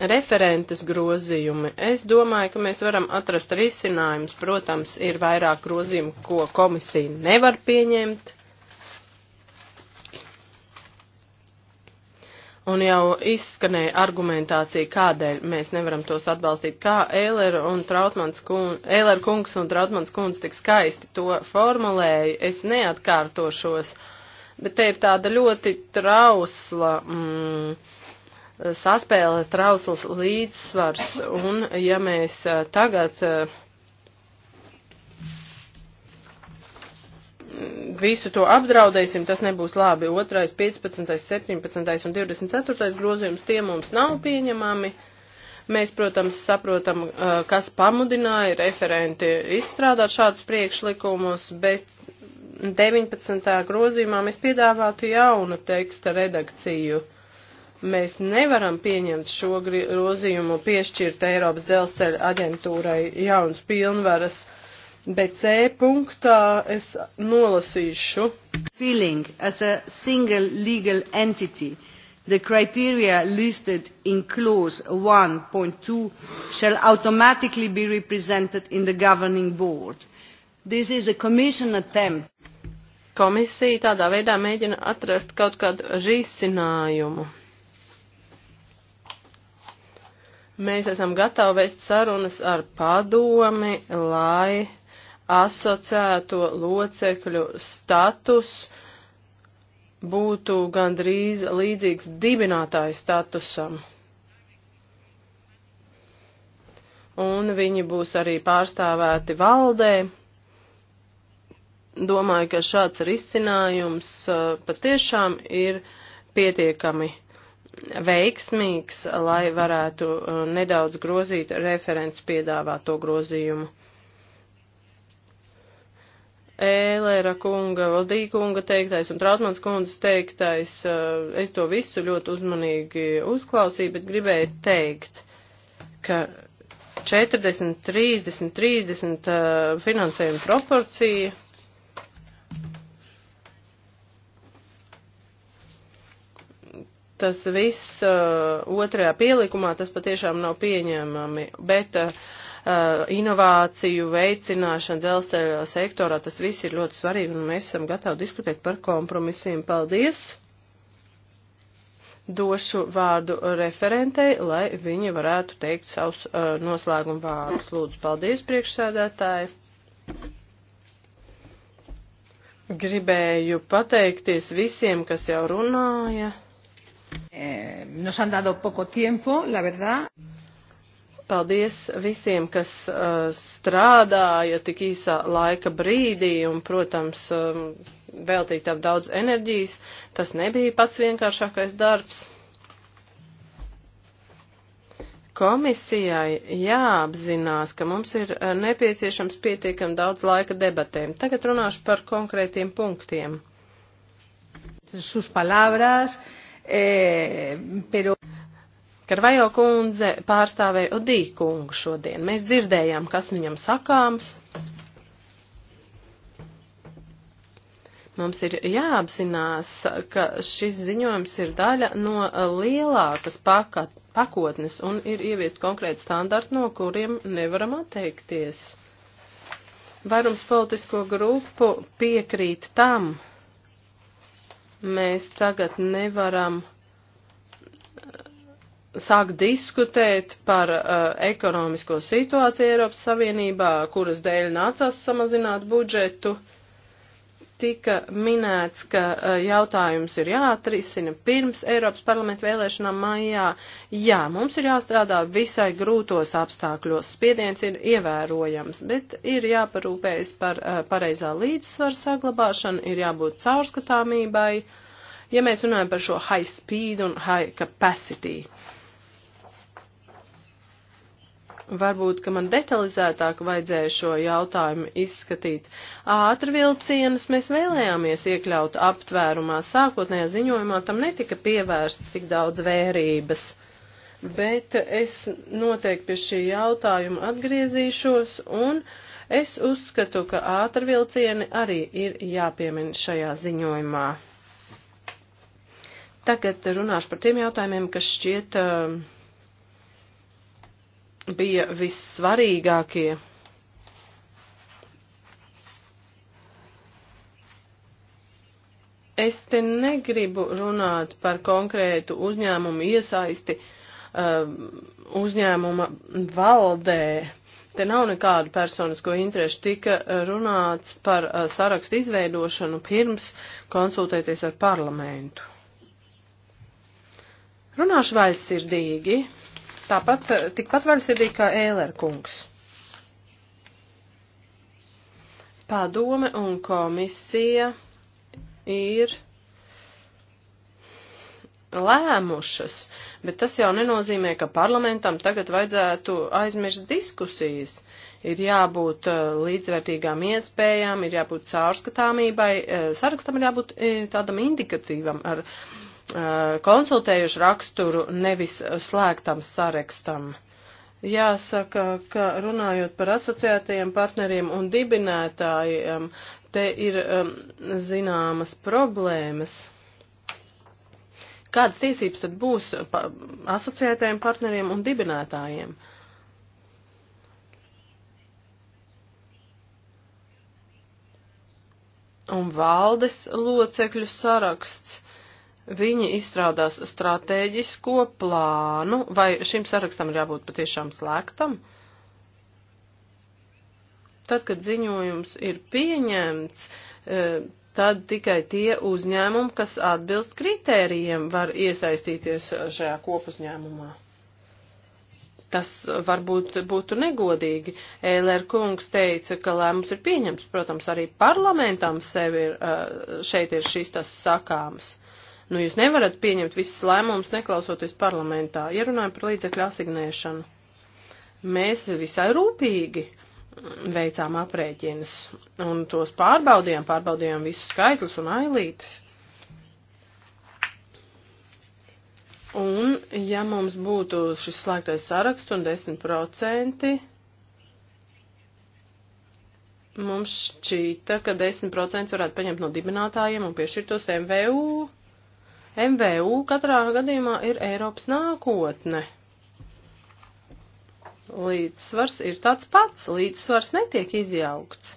referentes grozījumi. Es domāju, ka mēs varam atrast risinājumus. Protams, ir vairāk grozījumu, ko komisija nevar pieņemt. Un jau izskanēja argumentācija, kādēļ mēs nevaram tos atbalstīt, kā Ēlera un Trautmans kun, Ēlera kungs un Trautmans kungs tik skaisti to formulēja. Es neatkārtošos, bet te ir tāda ļoti trausla. Mm, saspēle trausls līdzsvars, un ja mēs eh, tagad eh, visu to apdraudēsim, tas nebūs labi. Otrais, 15, 17 un 24 grozījums tie mums nav pieņemami. Mēs, protams, saprotam, eh, kas pamudināja referenti izstrādāt šādus priekšlikumus, bet 19. grozījumā mēs piedāvātu jaunu teksta redakciju. Mēs nevaram pieņemt šo grozījumu, piešķirt Eiropas dzelzceļa aģentūrai jaunas pilnvaras, bet C punktā es nolasīšu. Feeling as a single legal entity. The criteria listed in clause 1.2 shall automatically be represented in the governing board. This is the Commission attempt. Komisija tādā veidā mēģina atrast kaut kādu risinājumu. Mēs esam gatavi vest sarunas ar padomi, lai asociēto locekļu status būtu gandrīz līdzīgs dibinātāju statusam. Un viņi būs arī pārstāvēti valdē. Domāju, ka šāds risinājums uh, patiešām ir pietiekami veiksmīgs, lai varētu uh, nedaudz grozīt referents piedāvāto grozījumu. Ēlera kunga, Valdīja kunga teiktais un Trautmans kundzes teiktais, uh, es to visu ļoti uzmanīgi uzklausīju, bet gribēju teikt, ka 40, 30, 30 finansējuma proporcija tas viss uh, otrajā pielikumā, tas patiešām nav pieņēmami, bet uh, uh, inovāciju veicināšana dzelzceļa sektorā, tas viss ir ļoti svarīgi, un mēs esam gatavi diskutēt par kompromisiem. Paldies! Došu vārdu referentei, lai viņi varētu teikt savus uh, noslēguma vārdus. Lūdzu, paldies priekšsēdētāji! Gribēju pateikties visiem, kas jau runāja. Eh, nos han dado poco tiempo, la verdad. Paldies visiem, kas uh, strādāja tik īsā laika brīdī un, protams, um, veltīja tam daudz enerģijas. Tas nebija pats vienkāršākais darbs. Komisijai jāapzinās, ka mums ir eh, nepieciešams pietiekam daudz laika debatēm. Tagad runāšu par konkrētiem punktiem. Sus palabras, uh, E, pero. Karvajo kundze pārstāvēja Odīkungu šodien. Mēs dzirdējām, kas viņam sakāms. Mums ir jāapzinās, ka šis ziņojums ir daļa no lielākas pakat, pakotnes un ir ieviest konkrēti standarti, no kuriem nevaram atteikties. Vairums politisko grupu piekrīt tam, Mēs tagad nevaram uh, sāk diskutēt par uh, ekonomisko situāciju Eiropas Savienībā, kuras dēļ nācās samazināt budžetu. Uh, tika minēts, ka e, jautājums ir jāatrisina pirms Eiropas parlamenta vēlēšanām maijā. Jā, mums ir jāstrādā visai grūtos apstākļos, spiediens ir ievērojams, bet ir jāparūpējas par e, pareizā līdzsvaru saglabāšanu, ir jābūt caurskatāmībai, ja mēs runājam par šo high speed un high capacity. Uh, Varbūt, ka man detalizētāk vajadzēja šo jautājumu izskatīt. Ātrvilcienus mēs vēlējāmies iekļaut aptvērumā. Sākotnējā ziņojumā tam netika pievērsts tik daudz vērības. Bet es noteikti pie šī jautājuma atgriezīšos un es uzskatu, ka ātrvilcieni arī ir jāpiemina šajā ziņojumā. Tagad runāšu par tiem jautājumiem, kas šķiet uh, bija vissvarīgākie. Es te negribu runāt par konkrētu uzņēmumu iesaisti um, uzņēmuma valdē. Te nav nekādu personisko interešu. Tika runāts par uh, sarakstu izveidošanu pirms konsultēties ar parlamentu. Runāšu vaļsirdīgi. sirdīgi tāpat, eh, tikpat vaļsirdīgi kā Ēlerkungs. Padome un komisija ir lēmušas, bet tas jau nenozīmē, ka parlamentam tagad vajadzētu aizmirst diskusijas. Ir jābūt eh, līdzvērtīgām iespējām, ir jābūt caurskatāmībai, eh, sarakstam ir jābūt tādam indikatīvam ar Uh, konsultējuši raksturu nevis slēgtam sarakstam. Jāsaka, ka runājot par asociētajiem partneriem un dibinētājiem, te ir um, zināmas problēmas. Kādas tiesības tad būs pa, asociētajiem partneriem un dibinētājiem? Un valdes locekļu saraksts Viņi izstrādās stratēģisko plānu, vai šim sarakstam ir jābūt patiešām slēgtam? Tad, kad ziņojums ir pieņemts, e, tad tikai tie uzņēmumi, kas atbilst kritērijiem, var iesaistīties šajā kopuzņēmumā. Tas varbūt būtu negodīgi. Ēlēr kungs teica, ka lēmums ir pieņemts. Protams, arī parlamentam sevi ir, e, šeit ir šis tas sakāms. Nu, jūs nevarat pieņemt visus lēmumus, neklausoties parlamentā. Ierunājam par līdzekļu asignēšanu. Mēs visai rūpīgi veicām aprēķinus un tos pārbaudījām, pārbaudījām visus skaitļus un ailītes. Un, ja mums būtu šis slēgtais saraksts un 10%, mums šķīta, ka 10% varētu paņemt no dibinātājiem un piešķirtos MVU. MVU katrā gadījumā ir Eiropas nākotne. Līdzsvars ir tāds pats, līdzsvars netiek izjaukts.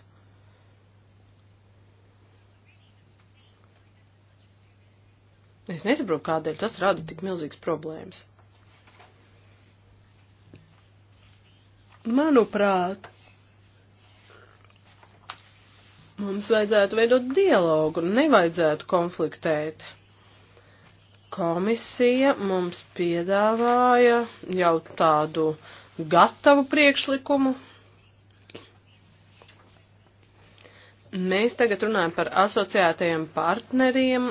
Es nesaprotu, kādēļ tas rada tik milzīgas problēmas. Manuprāt, mums vajadzētu veidot dialogu, nevajadzētu konfliktēt. Komisija mums piedāvāja jau tādu gatavu priekšlikumu. Mēs tagad runājam par asociētajiem partneriem,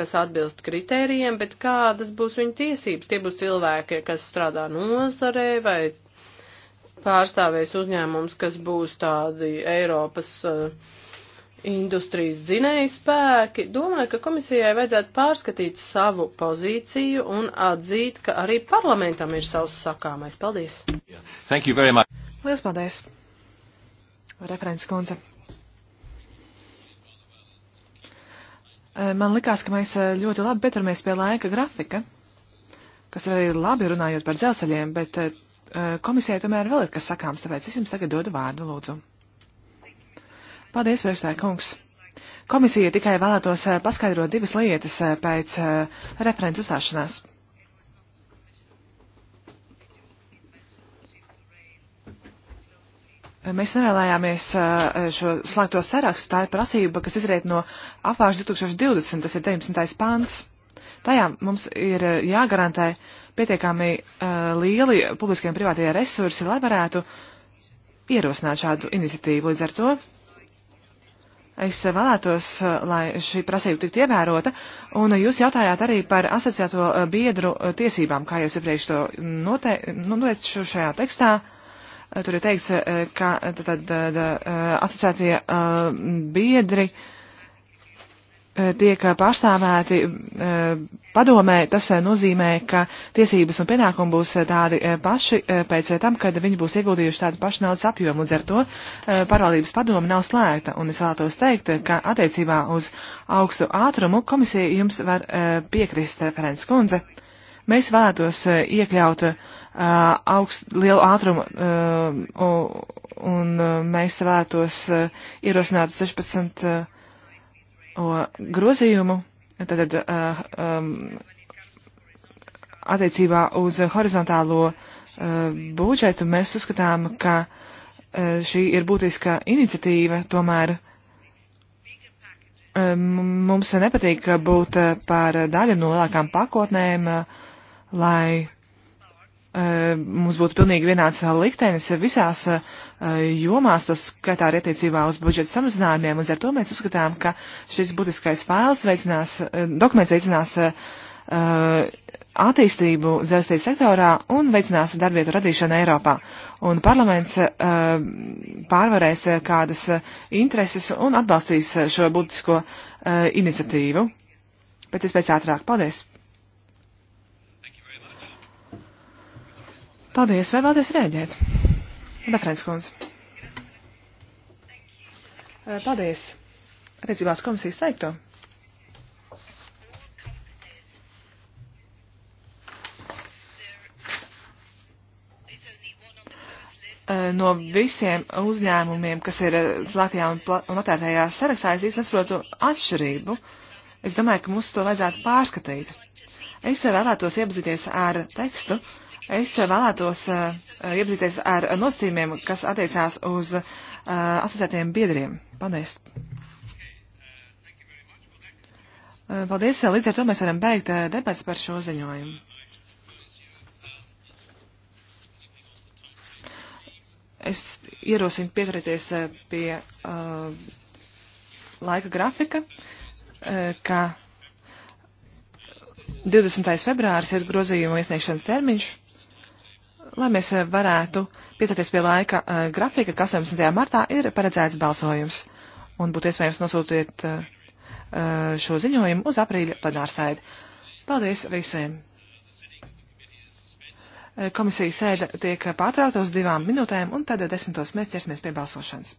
kas atbilst kritērijiem, bet kādas būs viņu tiesības? Tie būs cilvēki, kas strādā nozarē vai pārstāvēs uzņēmums, kas būs tādi Eiropas uh, industrijas dzinēji spēki, domāju, ka komisijai vajadzētu pārskatīt savu pozīciju un atzīt, ka arī parlamentam ir savs sakāmais. Paldies! Yeah. Thank you very much! Lielas paldies! Referents kundze. Eh, man likās, ka mēs eh, ļoti labi pieturamies pie laika grafika, kas arī ir labi runājot par dzelzceļiem, bet eh, komisijai tomēr vēl ir kas sakāms, tāpēc es jums tagad dodu vārdu, lūdzu. Paldies, priekšstāja kungs. Komisija tikai vēlētos eh, paskaidrot divas lietas eh, pēc eh, referents uzstāšanās. Mēs nevēlējāmies šo slēgto sarakstu, tā ir prasība, kas izriet no apvārs 2020, tas ir 19. pāns. Tajā mums ir jāgarantē pietiekami lieli publiskie un privātie resursi, lai varētu ierosināt šādu iniciatīvu. Līdz ar to Es vēlētos, eh, lai šī prasība tiktu ievērota, un jūs jautājāt arī par asociēto eh, biedru eh, tiesībām, kā jūs iepriekš to nu, noteicu šajā tekstā. Tur ir teikts, ka tad, tad, asociētie biedri. Uh, Eh, tiek eh, pārstāvēti eh, padomē, tas nozīmē, ka tiesības un pienākumi būs tādi paši pēc tam, kad viņi būs ieguldījuši tādu pašu naudas apjomu, un ar to parvaldības padoma nav slēgta. Un es vēlētos teikt, ka attiecībā uz augstu ātrumu komisija jums var piekrist, referents kundze. Mēs vēlētos iekļaut augstu lielu ātrumu un mēs vēlētos ierosināt 16 grozījumu tātad, uh, um, attiecībā uz horizontālo uh, budžetu. Mēs uzskatām, ka uh, šī ir būtiska iniciatīva, tomēr uh, mums nepatīk būt uh, par daļu no lielākām pakotnēm, uh, lai mums būtu pilnīgi vienāds liktenis visās Eh, jomās, to skatā arī attiecībā uz budžeta samazinājumiem, un ar to mēs uzskatām, ka šis būtiskais fails veicinās, eh, dokuments veicinās eh, attīstību dzelzceļa sektorā un veicinās darbvietu radīšanu Eiropā. Un parlaments pārvarēs kādas intereses un atbalstīs šo būtisko iniciatīvu. Pēc iespējas ātrāk. Paldies! Paldies! Vai vēlaties rēģēt? Referents kundze. Eh, paldies. Attiecībās komisijas teikto. Eh, no visiem uzņēmumiem, kas ir eh, zlatajā un, un atvērtajā sarakstā, es īsti nesaprotu atšķirību. Es domāju, ka mums to vajadzētu pārskatīt. Es vēlētos iepazīties ar tekstu, uh, Es vēlētos eh, iepazīties ar nosīmiem, kas attiecās uz eh, asociētajiem biedriem. Paldies! Eh, paldies! Līdz ar to mēs varam beigt debats par šo ziņojumu. Es ierosinu pieturēties pie uh, laika grafika, uh, ka 20. februāris ir grozījumu iesniegšanas termiņš. Lai mēs eh, varētu pieturēties pie laika eh, grafika, kas 18. martā ir paredzēts balsojums, un būtu iespējams nosūtiet eh, šo ziņojumu uz aprīļa plenārsēdi. Paldies visiem! Komisija sēda tiek pārtrauta uz divām minūtēm, un tad desmitos mēs ķersimies pie balsošanas.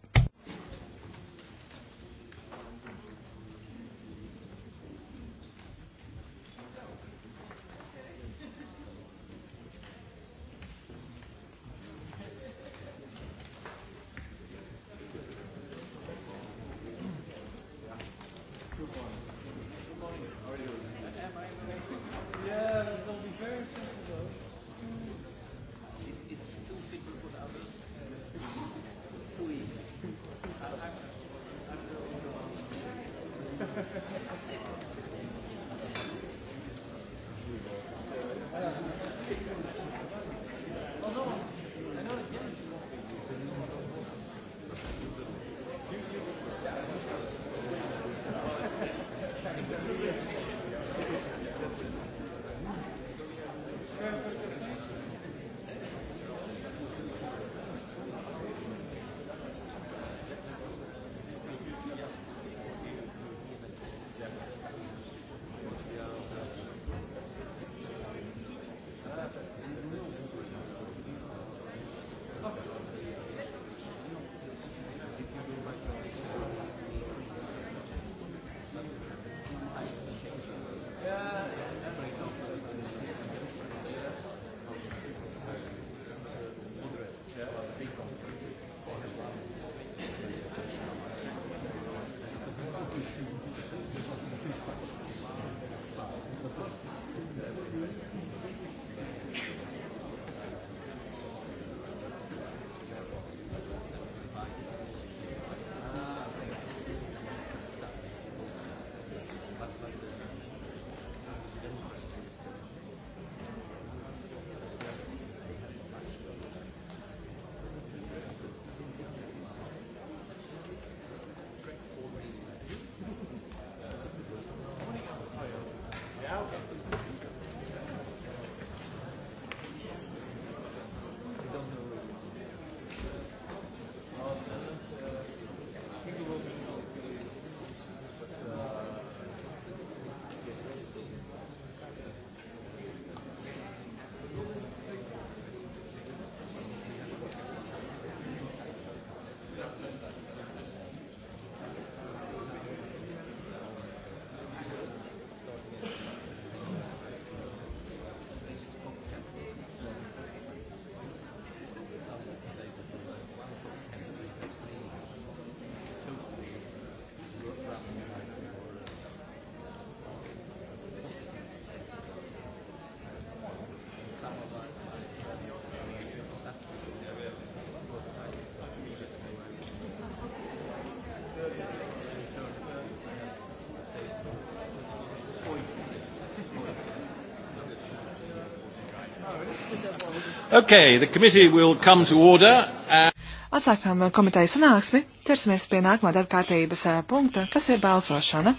Okay, the committee will come to order. And... Atsākām komiteju sanāksmi, ķersimies pie nākamā darba kārtības eh, punkta, kas ir balsošana.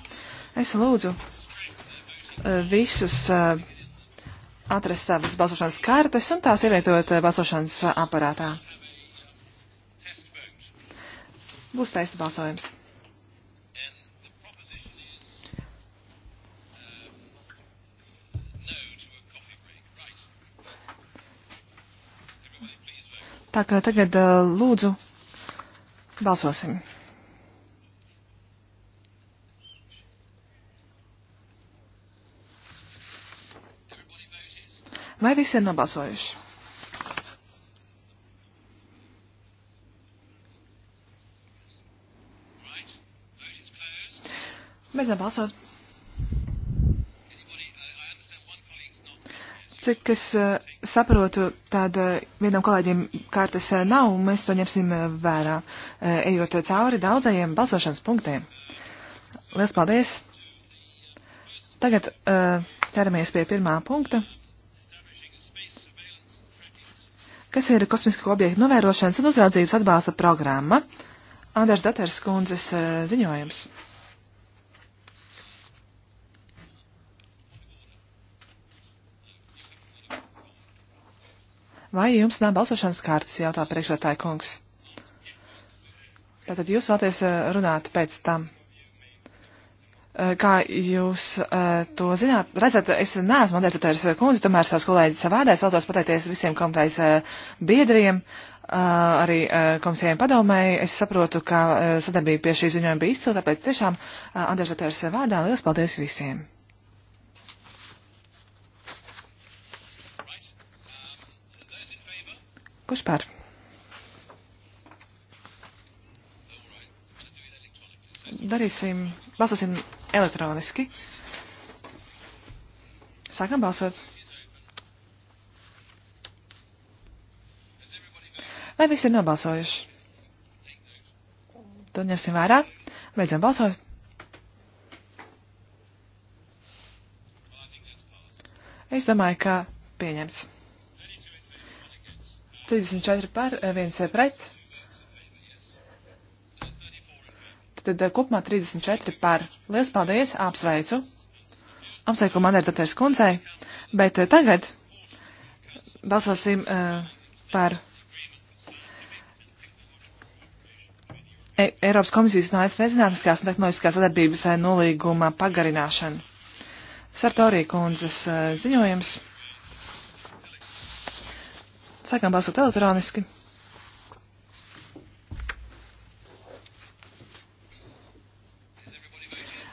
Es lūdzu eh, visus eh, atrast savas balsošanas kartes un tās ievietot balsošanas aparātā. Būs taisnība balsojums. Tā kā tagad uh, lūdzu balsosim. Vai visi ir nobalsojuši? Beidzam balsot. Cik es eh, saprotu, tad eh, vienam kolēģim kārtas eh, nav, un mēs to ņemsim vērā, ejot cauri daudzajiem balsošanas punktiem. Lielas paldies! Tagad ķeramies pie pirmā punkta. kas ir kosmisko objektu novērošanas un uzraudzības atbalsta programma. Anders Daters kundzes ziņojums. Vai jums nav balsošanas kārtas, jautā priekšētāja kungs? Tātad jūs vēlaties eh, runāt pēc tam. Eh, kā jūs eh, to zināt? Redzat, es neesmu Andrētas kundze, tomēr savas kolēģis savādēs vēlos pateikties visiem komitejas biedriem, arī komisijiem padomēji. Es saprotu, ka sadarbība pie šī ziņojuma bija izcila, tāpēc tiešām Andrētas vārdā liels paldies visiem! Kurš pār? Darīsim, balsosim elektroniski. Sākam balsot. Vai visi ir nobalsojuši? To ņemsim vērā. Beidzam balsot. Es domāju, ka pieņems. 34 par, 1 eh, eh, pret. Tad eh, kopumā 34 par. Lielas paldies, apsveicu. Apsveicu Mandēra Tatērs kundzei. Bet tagad balsosim uh, par e Eiropas komisijas un no ASV zinātniskās un tehnoloģiskās sadarbības nolīguma pagarināšanu. Sartorī kundzes uh, ziņojums. Sākam balsot elektroniski.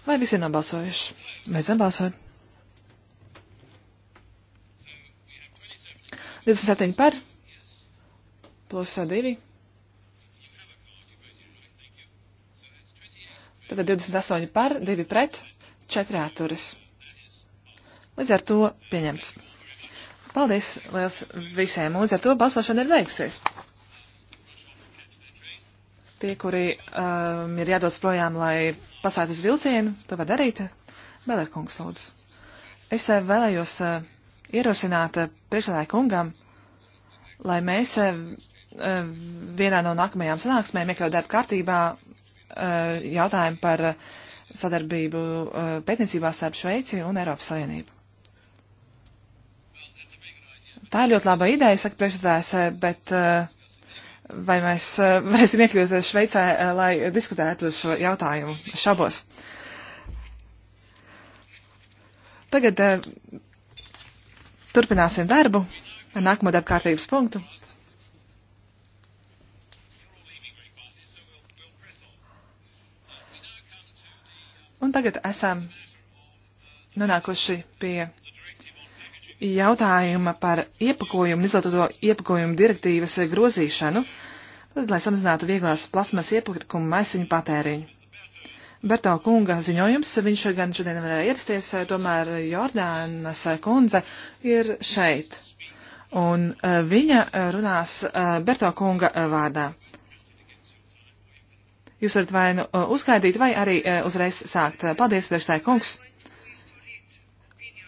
Vai visi ir nobalsojuši? Beidzam balsot. 27 par, plus 2. Tātad 28 par, 2 pret, 4 atturis. Līdz ar to pieņemts. Paldies liels visiem. Līdz ar to balsošana ir veikusies. Tie, kuri um, ir jādodas projām, lai pasētu uz vilcienu, to var darīt. Belerkungs, lūdzu. Es uh, vēlējos uh, ierosināt uh, priekšsēdētāju kungam, lai mēs uh, uh vienā no nākamajām sanāksmēm iekļaut darba kārtībā uh, jautājumu par sadarbību pētniecībā starp Šveici un Eiropas Savienību. Tā ir ļoti laba ideja, saka priekšsēdētājs, bet eh, vai mēs eh, varēsim iekļūties Šveicē, eh, lai diskutētu šo jautājumu? Šabos. Tagad turpināsim darbu ar nākamo darba kārtības punktu. Un tagad esam nonākuši pie jautājuma par iepakojumu, izlietoto iepakojumu direktīvas grozīšanu, lai samazinātu vieglās plasmas iepakojumu maisiņu patēriņu. Bertau kunga ziņojums, viņš gan šodien nevarēja ierasties, tomēr Jordānas kundze ir šeit. Un eh, viņa eh, runās eh, Bertau kunga vārdā. Jūs varat vai nu uzskaidīt, vai arī uzreiz sākt. Paldies, priekšstāja kungs.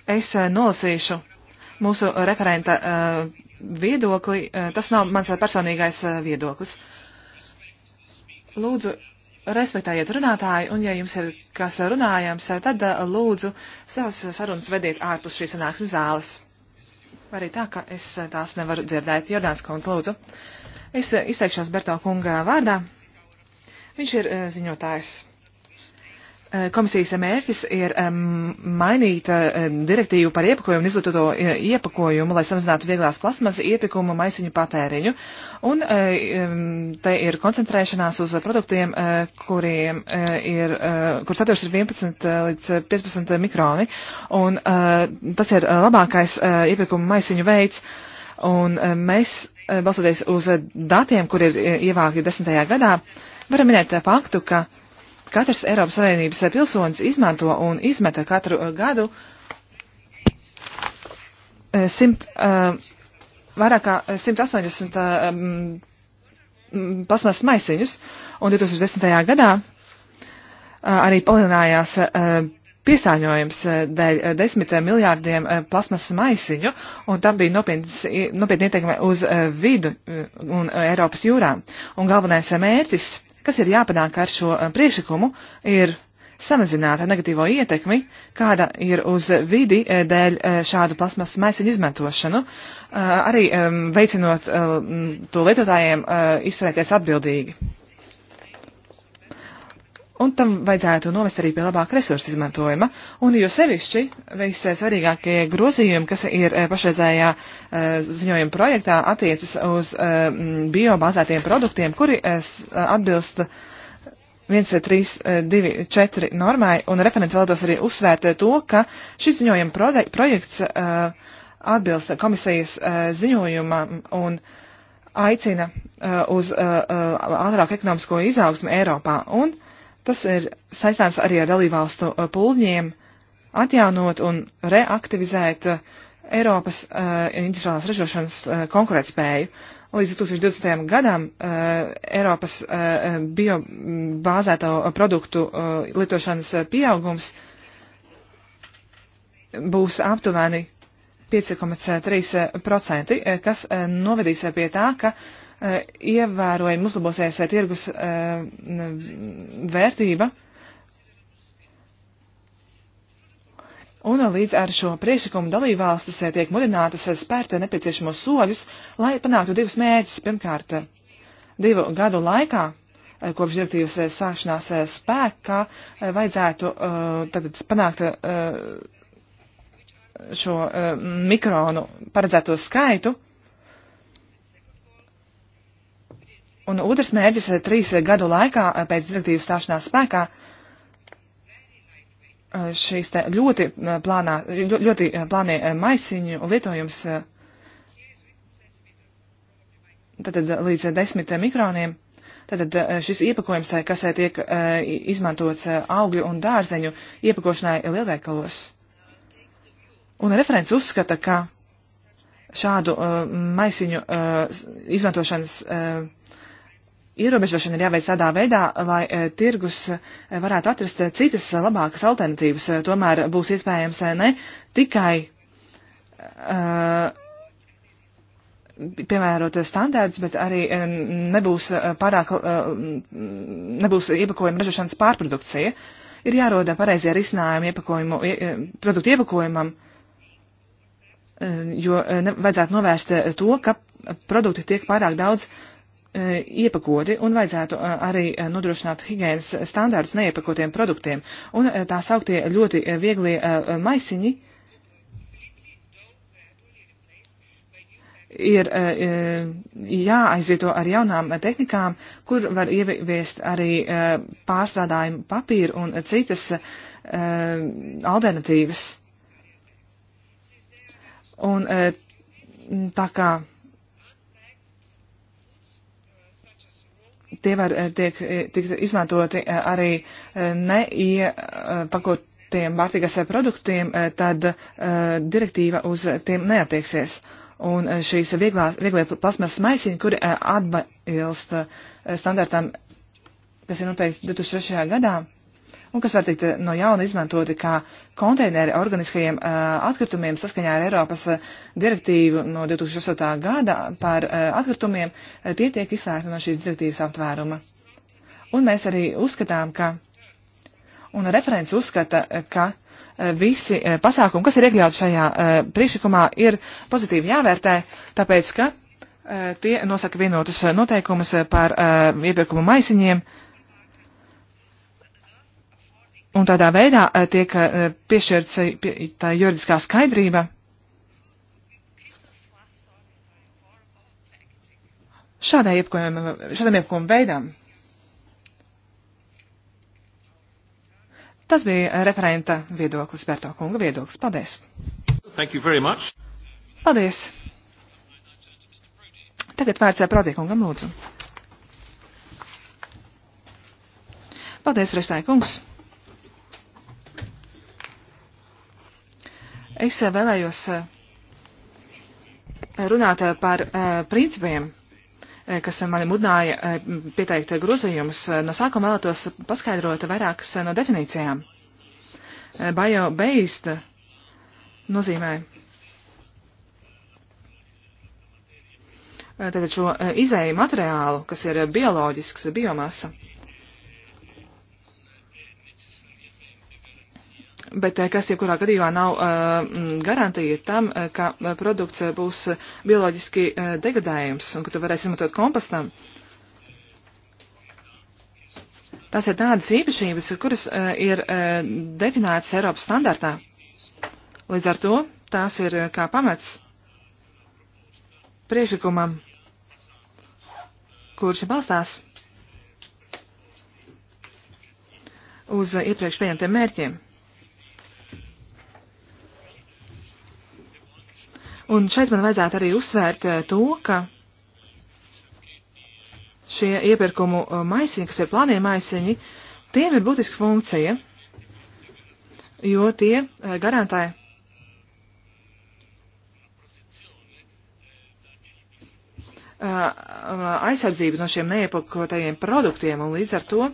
Es nolasīšu mūsu referenta uh, viedokli. Uh, tas nav mans personīgais uh, viedoklis. Lūdzu, respektējiet runātāju, un ja jums ir kas runājams, tad lūdzu savas sarunas vediet ārpus šīs sanāksmes zāles. Arī tā, ka es tās nevaru dzirdēt. Jordāns Kundz, lūdzu. Es izteikšos Berto kunga vārdā. Viņš ir ziņotājs. Eh, komisijas mērķis ir um, mainīt uh, direktīvu par iepakojumu un izlietoto uh, eh, iepakojumu, lai samazinātu vieglās plasmas iepikumu maisiņu patēriņu. Un uh, um, te ir koncentrēšanās uz produktiem, uh, kuriem uh, ir, uh, kur saturs ir 11 uh, līdz 15 mikroni. Un uh, tas ir uh, labākais uh, iepikumu maisiņu veids. Un uh, mēs, uh, balsoties uz datiem, kur ir ievākti desmitajā gadā, varam minēt uh, faktu, ka uh, katrs Eiropas Savienības pilsonis izmanto un izmeta katru eh, gadu eh, simt, eh, vairāk kā 180 mm, mm, plasmas maisiņus, un 2010. gadā arī palielinājās piesāņojums dēļ desmit miljārdiem plasmas maisiņu, un tam bija nopietni ietekme uz vidu un Eiropas jūrām. Un galvenais mērķis kas ir jāpanāk ar šo eh, priekšlikumu, ir samazināta negatīvo ietekmi, kāda ir uz vidi eh, dēļ eh, šādu plasmas maisiņu izmantošanu, arī veicinot to lietotājiem izturēties atbildīgi un tam vajadzētu novest arī pie labāka resursu izmantojuma, un jo sevišķi vissvarīgākie grozījumi, kas ir eh, pašreizējā eh, ziņojuma projektā, attiecas uz eh, biobāzētiem produktiem, kuri atbilst 1.3.2.4 normai, un referents vēlētos arī uzsvērt to, ka šis ziņojuma projekts atbilst komisijas ziņojumam un aicina uz ātrāku ekonomisko izaugsmu Eiropā. Un, uh, Tas ir saistāms arī ar dalībvalstu uh, pūļņiem atjaunot un reaktivizēt uh, Eiropas uh, industriālās ražošanas uh, konkurētspēju. Līdz 2020. gadam uh, Eiropas uh, biobāzēto mm, produktu uh, lietošanas uh, pieaugums būs aptuveni 5,3%, kas novedīs pie tā, ka uh, Eh, ievērojami uzlabosies eh, tirgus eh, vērtība. Un līdz ar šo priekšlikumu dalībvalstis tiek mudinātas spērt nepieciešamos soļus, lai panāktu divus mērķus. Pirmkārt, divu gadu laikā, kopš direktīvas sākšanās spēkā, vajadzētu tad panākt šo mikronu paredzēto skaitu. Un otrs mērķis eh, trīs gadu laikā eh, pēc direktīvas stāšanās spēkā eh, šīs ļoti, plānā, ļoti plānie maisiņu lietojums tātad, līdz desmit mikroniem. Tātad šis iepakojums, kas tiek izmantots augļu un dārzeņu iepakošanai lielveikalos. Un referents uzskata, ka šādu maisiņu izmantošanas ierobežošana ir jāveic tādā veidā, lai e, tirgus e, varētu atrast e, citas labākas alternatīvas. Tomēr būs iespējams ne tikai piemērot standārtus, bet arī nebūs pārāk, nebūs iepakojuma ražošanas pārprodukcija. Ir jāroda pareizie risinājumi iepakojumu, produktu iepakojumam, jo vajadzētu novērst to, ka produkti tiek pārāk daudz uh, E, iepakoti un vajadzētu e, arī e, nodrošināt higienas standārtus neiepakotiem produktiem. Un tā sauktie ļoti vieglie maisiņi ir jāaizvieto ar jaunām tehnikām, kur var ieviest arī pārstrādājumu papīru un citas alternatīvas. Un tā kā tie var eh, tiek, eh, tiek izmantoti eh, arī neiepakotiem vārtīgas produktiem, tad direktīva uz tiem neatieksies. Un šīs vieglā, vieglie plasmas maisiņi, kuri atbilst standartam, kas ir noteikti 2003. gadā, un kas var tikt eh, no jauna izmantoti kā konteineri organiskajiem uh, eh, atkritumiem saskaņā ar Eiropas eh, direktīvu no 2008. gada par uh, atkritumiem, tie tiek izslēgti no šīs direktīvas aptvēruma. Un mēs arī uzskatām, ka, un referents uzskata, ka visi pasākumi, kas ir iekļauti šajā priekšlikumā, ir pozitīvi jāvērtē, tāpēc, ka tie nosaka vienotus noteikumus par iepirkumu maisiņiem, uh, Un tādā veidā e, tiek e, piešķirts e, tā juridiskā skaidrība. Šādai iepakojuma, šādam iepakojuma veidam. Tas bija referenta viedoklis, Berto kunga viedoklis. Paldies! Thank you very much. Paldies! Tagad vērts Prodīkungam lūdzu. Paldies, Restāja kungs! Es eh, vēlējos eh, runāt eh, par principiem, kas mani mudināja pieteikt grozījumus. No sākuma vēlētos paskaidrot vairākas no definīcijām. Bio-based nozīmē tātad šo izēju materiālu, kas ir bioloģisks biomasa. Bet eh, kas jebkurā gadījumā nav uh, garantija tam, eh, ka produkts būs bioloģiski uh, degradējams un ka to varēs izmantot kompostam. Tās ir tādas īpašības, kuras uh, ir uh, definētas Eiropas standartā. Līdz ar to tās ir uh, kā pamats priekšlikumam, kurš balstās uz uh, iepriekš pieņemtiem mērķiem. Un šeit man vajadzētu arī uzsvērt eh, to, ka šie iepirkumu eh, maisiņi, kas ir plānie maisiņi, tiem ir būtiska funkcija, jo tie eh, garantē aizsardzību no šiem neiepakotajiem produktiem, un līdz ar to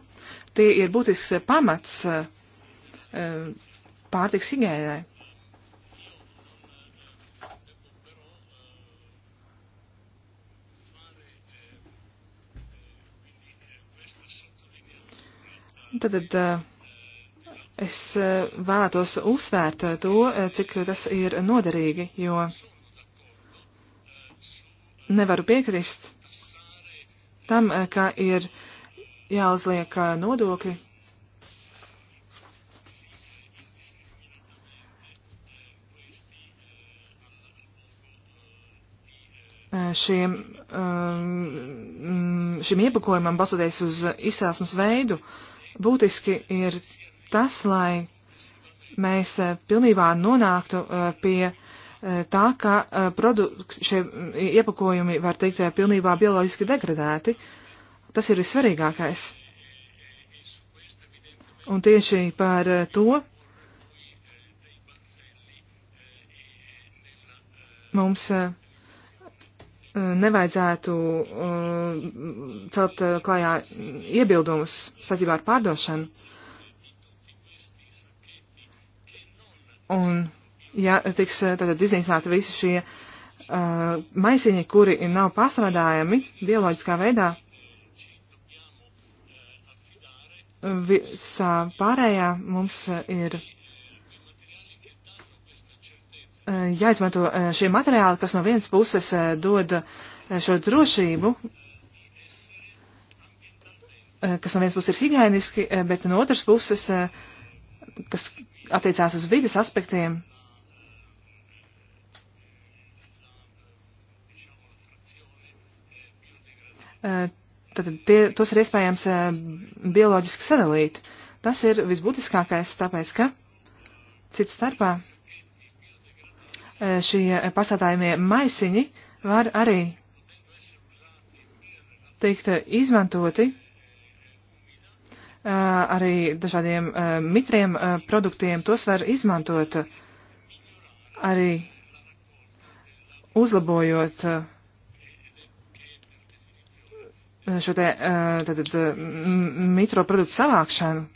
tie ir būtisks pamats pārtiks higiēnai. Tad, tad eh, es eh, vēlētos uzsvērt eh, to, cik tas ir noderīgi, jo nevaru piekrist tam, ka ir jāuzliek nodokļi. Šiem, šim iepakojumam balsoties uz izcelsmes veidu, uh, būtiski ir tas, lai mēs eh, pilnībā nonāktu eh, pie eh, tā, ka produkti, šie iepakojumi, var teikt, pilnībā bioloģiski degradēti. Tas ir vissvarīgākais. Un tieši par to mums uh, nevajadzētu eh, celt eh, klajā iebildumus saistībā ar pārdošanu. Un, ja tiks eh, tātad iznīcināti visi šie uh, maisiņi, kuri nav pārstrādājami bioloģiskā veidā, visā pārējā mums ir Eh, jāizmanto eh, šie materiāli, kas no vienas puses eh, dod šo drošību, kas no vienas puses ir higieniski, bet no otras puses, kas attiecās uz vidas aspektiem. Tad tie, tos ir iespējams bioloģiski sadalīt. Tas ir visbūtiskākais, tāpēc ka cits starpā Eh, šie pasādājumie maisiņi var arī tikt izmantoti eh, arī dažādiem eh, mitriem produktiem. Tos var izmantot arī uzlabojot šo te tātad, mitroproduktu savākšanu.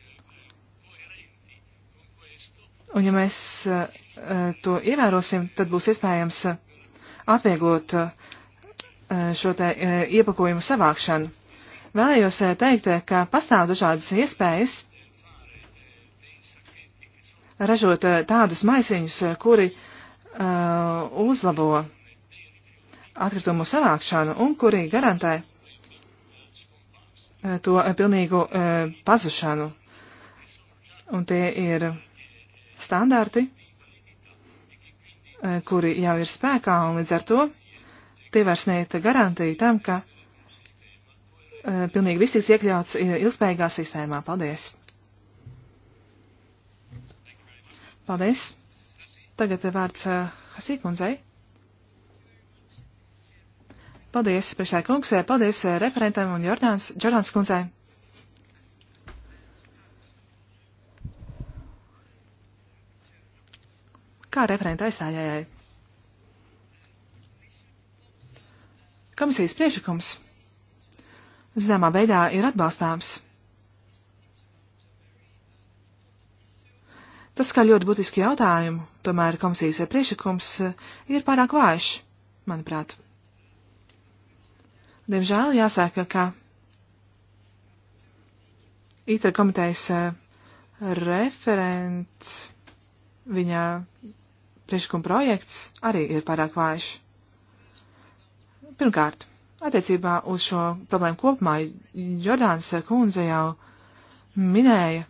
Un ja mēs eh, eh, to ievērosim, tad būs iespējams eh, atvieglot šo te iepakojumu savākšanu. Vēlējos teikt, ka pastāv dažādas iespējas ražot tādus maisiņus, kuri uh, uzlabo atkritumu savākšanu un kuri garantē to pilnīgu uh, pazušanu. Un tie ir standarti, e, kuri jau ir spēkā, un līdz ar to tie var sniegt garantiju tam, ka e, pilnīgi viss tiks iekļauts e, ilgspējīgā sistēmā. Paldies! Paldies! Tagad vārds Hasīkundzei. Paldies, priekšsēkungs, paldies referentam un Jordāns, Jordāns kundzei. kā referenta aizstājējai. Komisijas priešakums zināmā veidā ir atbalstāms. Tas, kā ļoti būtiski jautājumu, tomēr komisijas priešakums ir pārāk vājš, manuprāt. Diemžēl jāsaka, ka ITR komitejas referents viņa priekšlikuma projekts arī ir pārāk vājš. Pirmkārt, attiecībā uz šo problēmu kopumā Jordāns kundze jau minēja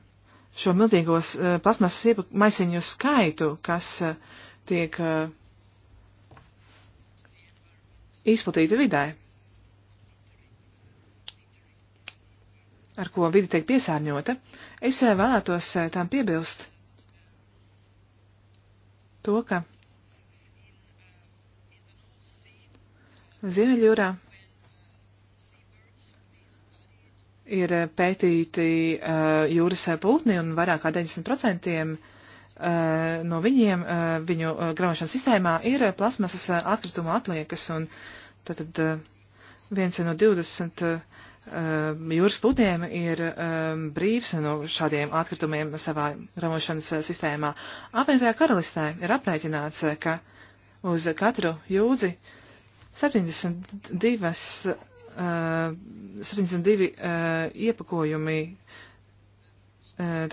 šo milzīgos eh, plasmasas maisiņu skaitu, kas eh, tiek eh, izplatīti vidē, ar ko vidi tiek piesārņota. Es vēlētos tam piebilst, to, ka Ziemeļjūrā ir pētīti eh, jūras pūtni un vairāk kā 90% eh, no viņiem eh, viņu graušanas sistēmā ir plasmasas atkrituma atliekas. Un tad viens no 20 Um, jūras putiem ir um, brīvs no šādiem atkritumiem savā ramošanas uh, sistēmā. Apvienotajā karalistē ir aprēķināts, uh, ka uz katru jūdzi 72, uh, 72 uh, iepakojumi uh,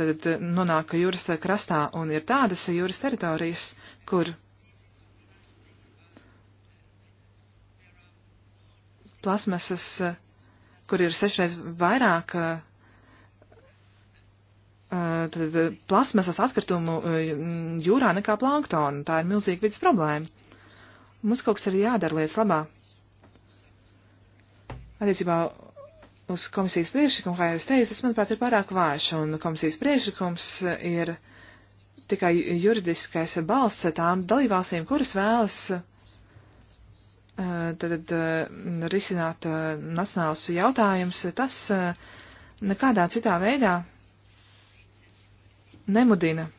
tad nonāk jūras krastā un ir tādas jūras teritorijas, kur plasmasas uh, kur ir sešreiz vairāk eh, eh, eh, plasmasas atkritumu jūrā nekā planktonu. Tā ir milzīga vidas problēma. Mums kaut kas ir jādara lietas labā. Attiecībā uz komisijas priekšlikumu, kā jau es teicu, tas, manuprāt, ir pārāk vājš, un komisijas priekšlikums ir tikai juridiskais balsts tām dalībvalstīm, kuras vēlas Eh, tad eh, risināt eh, nacionālus jautājumus, tas nekādā citā veidā nemudina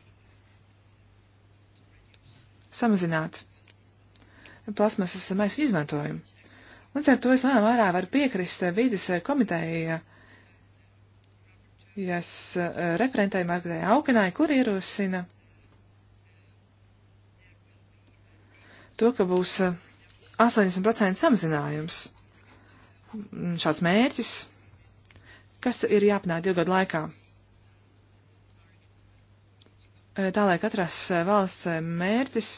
samazināt plasmasas maisu izmantojumu. Līdz ar to es lielā mērā varu piekrist vīdes komitējai, jas referentēji Margaretai Aukenai, kur ierosina to, ka būs uh, 80% samazinājums. Šāds mērķis, kas ir jāpanāk divu gadu laikā. Tā lai katras valsts mērķis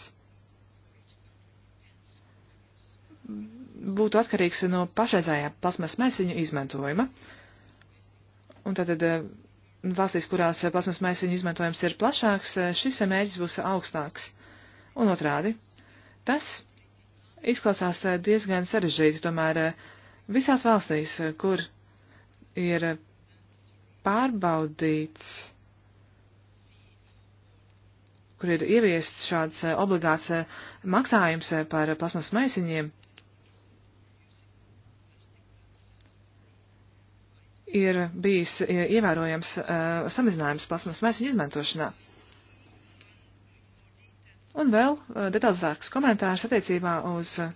būtu atkarīgs no pašreizējā plasmas maisiņu izmantojuma. Un tad valstīs, kurās plasmas maisiņu izmantojums ir plašāks, šis mērķis būs augstāks. Un otrādi, tas izklausās eh, diezgan sarežģīti, tomēr eh, visās valstīs, eh, kur ir pārbaudīts, kur ir ieviests šāds obligāts maksājums par plasmas maisiņiem, ir bijis ievērojams uh, samazinājums plasmas maisiņu izmantošanā. Un vēl eh, detalizētāks komentārs attiecībā uz eh,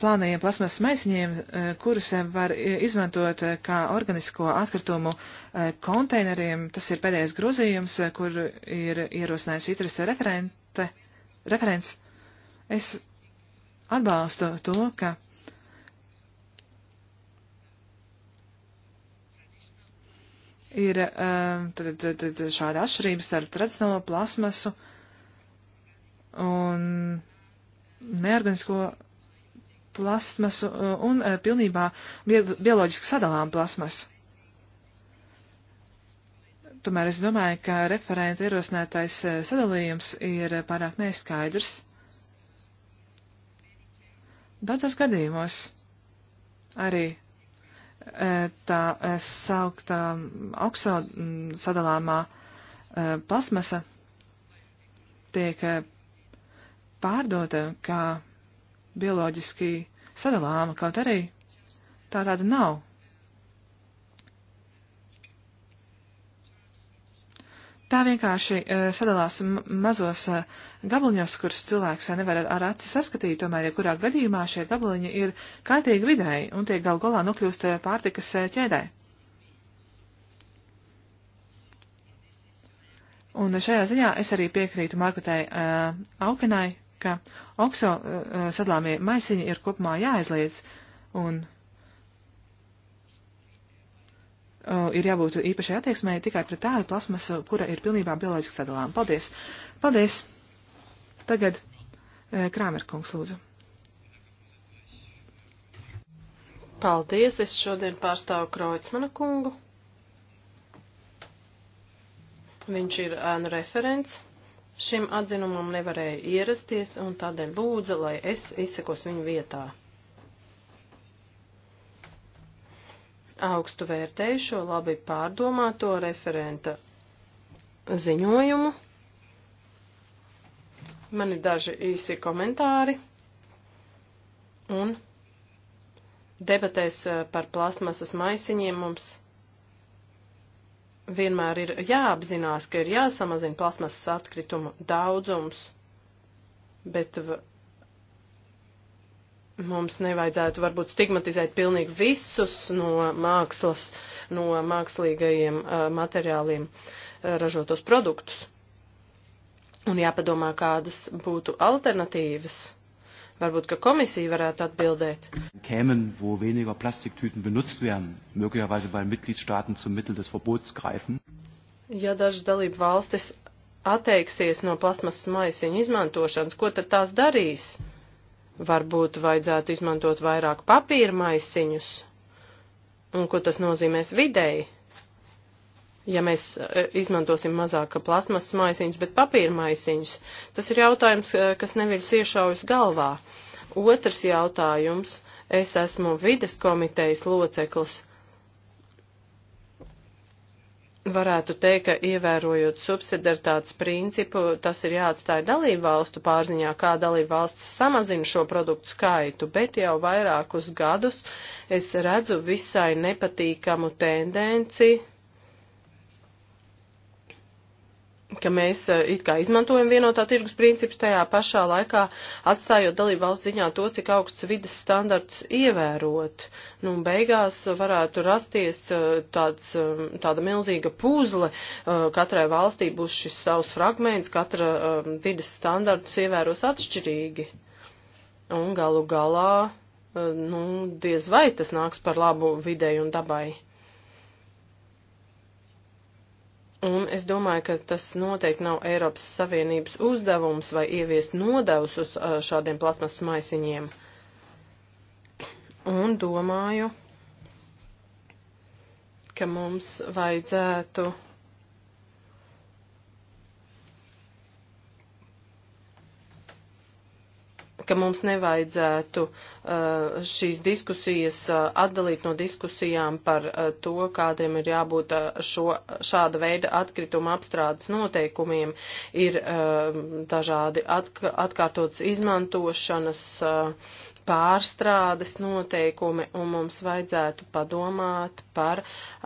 plānajiem plasmas maisiņiem, eh, kurus var izmantot kā organisko atkritumu konteineriem. Tas ir pēdējais grozījums, kur ir ierosinājusi ITRIS referente, referents. Es atbalstu to, ka ir eh, tad, tad, tad, šāda atšķirība starp tradicionālo plasmasu un neorganisko plasmasu eh, un eh, pilnībā bioloģiski sadalām plasmasu. Tomēr es domāju, ka referenta ierosinātais sadalījums ir pārāk neskaidrs. Daudzos gadījumos arī E, tā e, sauktā okso sadalāmā e, plasmasa tiek pārdota kā bioloģiski sadalāma, kaut arī tā tāda nav. tā vienkārši eh, sadalās mazos eh, gabaliņos, kurus cilvēks eh, nevar ar aci saskatīt, tomēr, ja kurā gadījumā šie gabaliņi ir kaitīgi vidēji un tie gal galā nokļūst pārtikas ķēdē. Un šajā ziņā es arī piekrītu Markutai uh, Aukenai, ka okso uh, sadalāmie maisiņi ir kopumā jāaizliedz, un Uh, ir jābūt īpašai attieksmē tikai pret tādu plasmasu, kura ir pilnībā bioloģiski sadalām. Paldies! Paldies! Tagad uh, Krāmerkungs lūdzu. Paldies! Es šodien pārstāvu Kroicmanu kungu. Viņš ir ēnu referents. Šim atzinumam nevarēja ierasties un tādēļ lūdza, lai es izsekos viņu vietā. augstu vērtēju šo labi pārdomāto referenta ziņojumu. Man ir daži īsi komentāri un debatēs eh, par plasmasas maisiņiem mums vienmēr ir jāapzinās, ka ir jāsamazina plasmasas atkritumu daudzums, bet mums nevajadzētu varbūt stigmatizēt pilnīgi visus no mākslas, no mākslīgajiem uh, materiāliem uh, ražotos produktus. Un jāpadomā, kādas būtu alternatīvas. Varbūt, ka komisija varētu atbildēt. Kämen, wo weniger Plastiktüten benutzt werden, möglicherweise weil Mitgliedstaaten zum Mittel des Verbots greifen. Ja dažas dalību valstis atteiksies no plasmasas maisiņu izmantošanas, ko tad tās darīs? Uh, Varbūt vajadzētu izmantot vairāk papīra maisiņus. Un ko tas nozīmēs videi? Ja mēs e, izmantosim mazāk plasmasas maisiņus, bet papīra maisiņus, tas ir jautājums, e, kas neviļus iešaujas galvā. Otrs jautājums. Es esmu vides komitejas loceklis varētu teikt, ka ievērojot subsidaritātes principu, tas ir jāatstāja dalību valstu pārziņā, kā dalību valsts samazina šo produktu skaitu, bet jau vairākus gadus es redzu visai nepatīkamu tendenci ka mēs e, it kā izmantojam vienotā tirgus principus tajā pašā laikā, atstājot dalību valsts ziņā to, cik augsts vidas standarts ievērot. Nu, beigās varētu rasties e, tāds, e, tāda milzīga puzle, katrai valstī būs šis savs fragments, katra vidas standartus ievēros atšķirīgi. Un galu galā, nu, diez vai tas nāks par labu videi un dabai. Un es domāju, ka tas noteikti nav Eiropas Savienības uzdevums vai ieviest nodevus uz šādiem plasmas maisiņiem. Un domāju, ka mums vajadzētu ka mums nevajadzētu uh, šīs diskusijas uh, atdalīt no diskusijām par uh, to, kādiem ir jābūt šo, šāda veida atkrituma apstrādes noteikumiem. Ir dažādi atk atkārtotas izmantošanas pārstrādes noteikumi, un mums vajadzētu padomāt par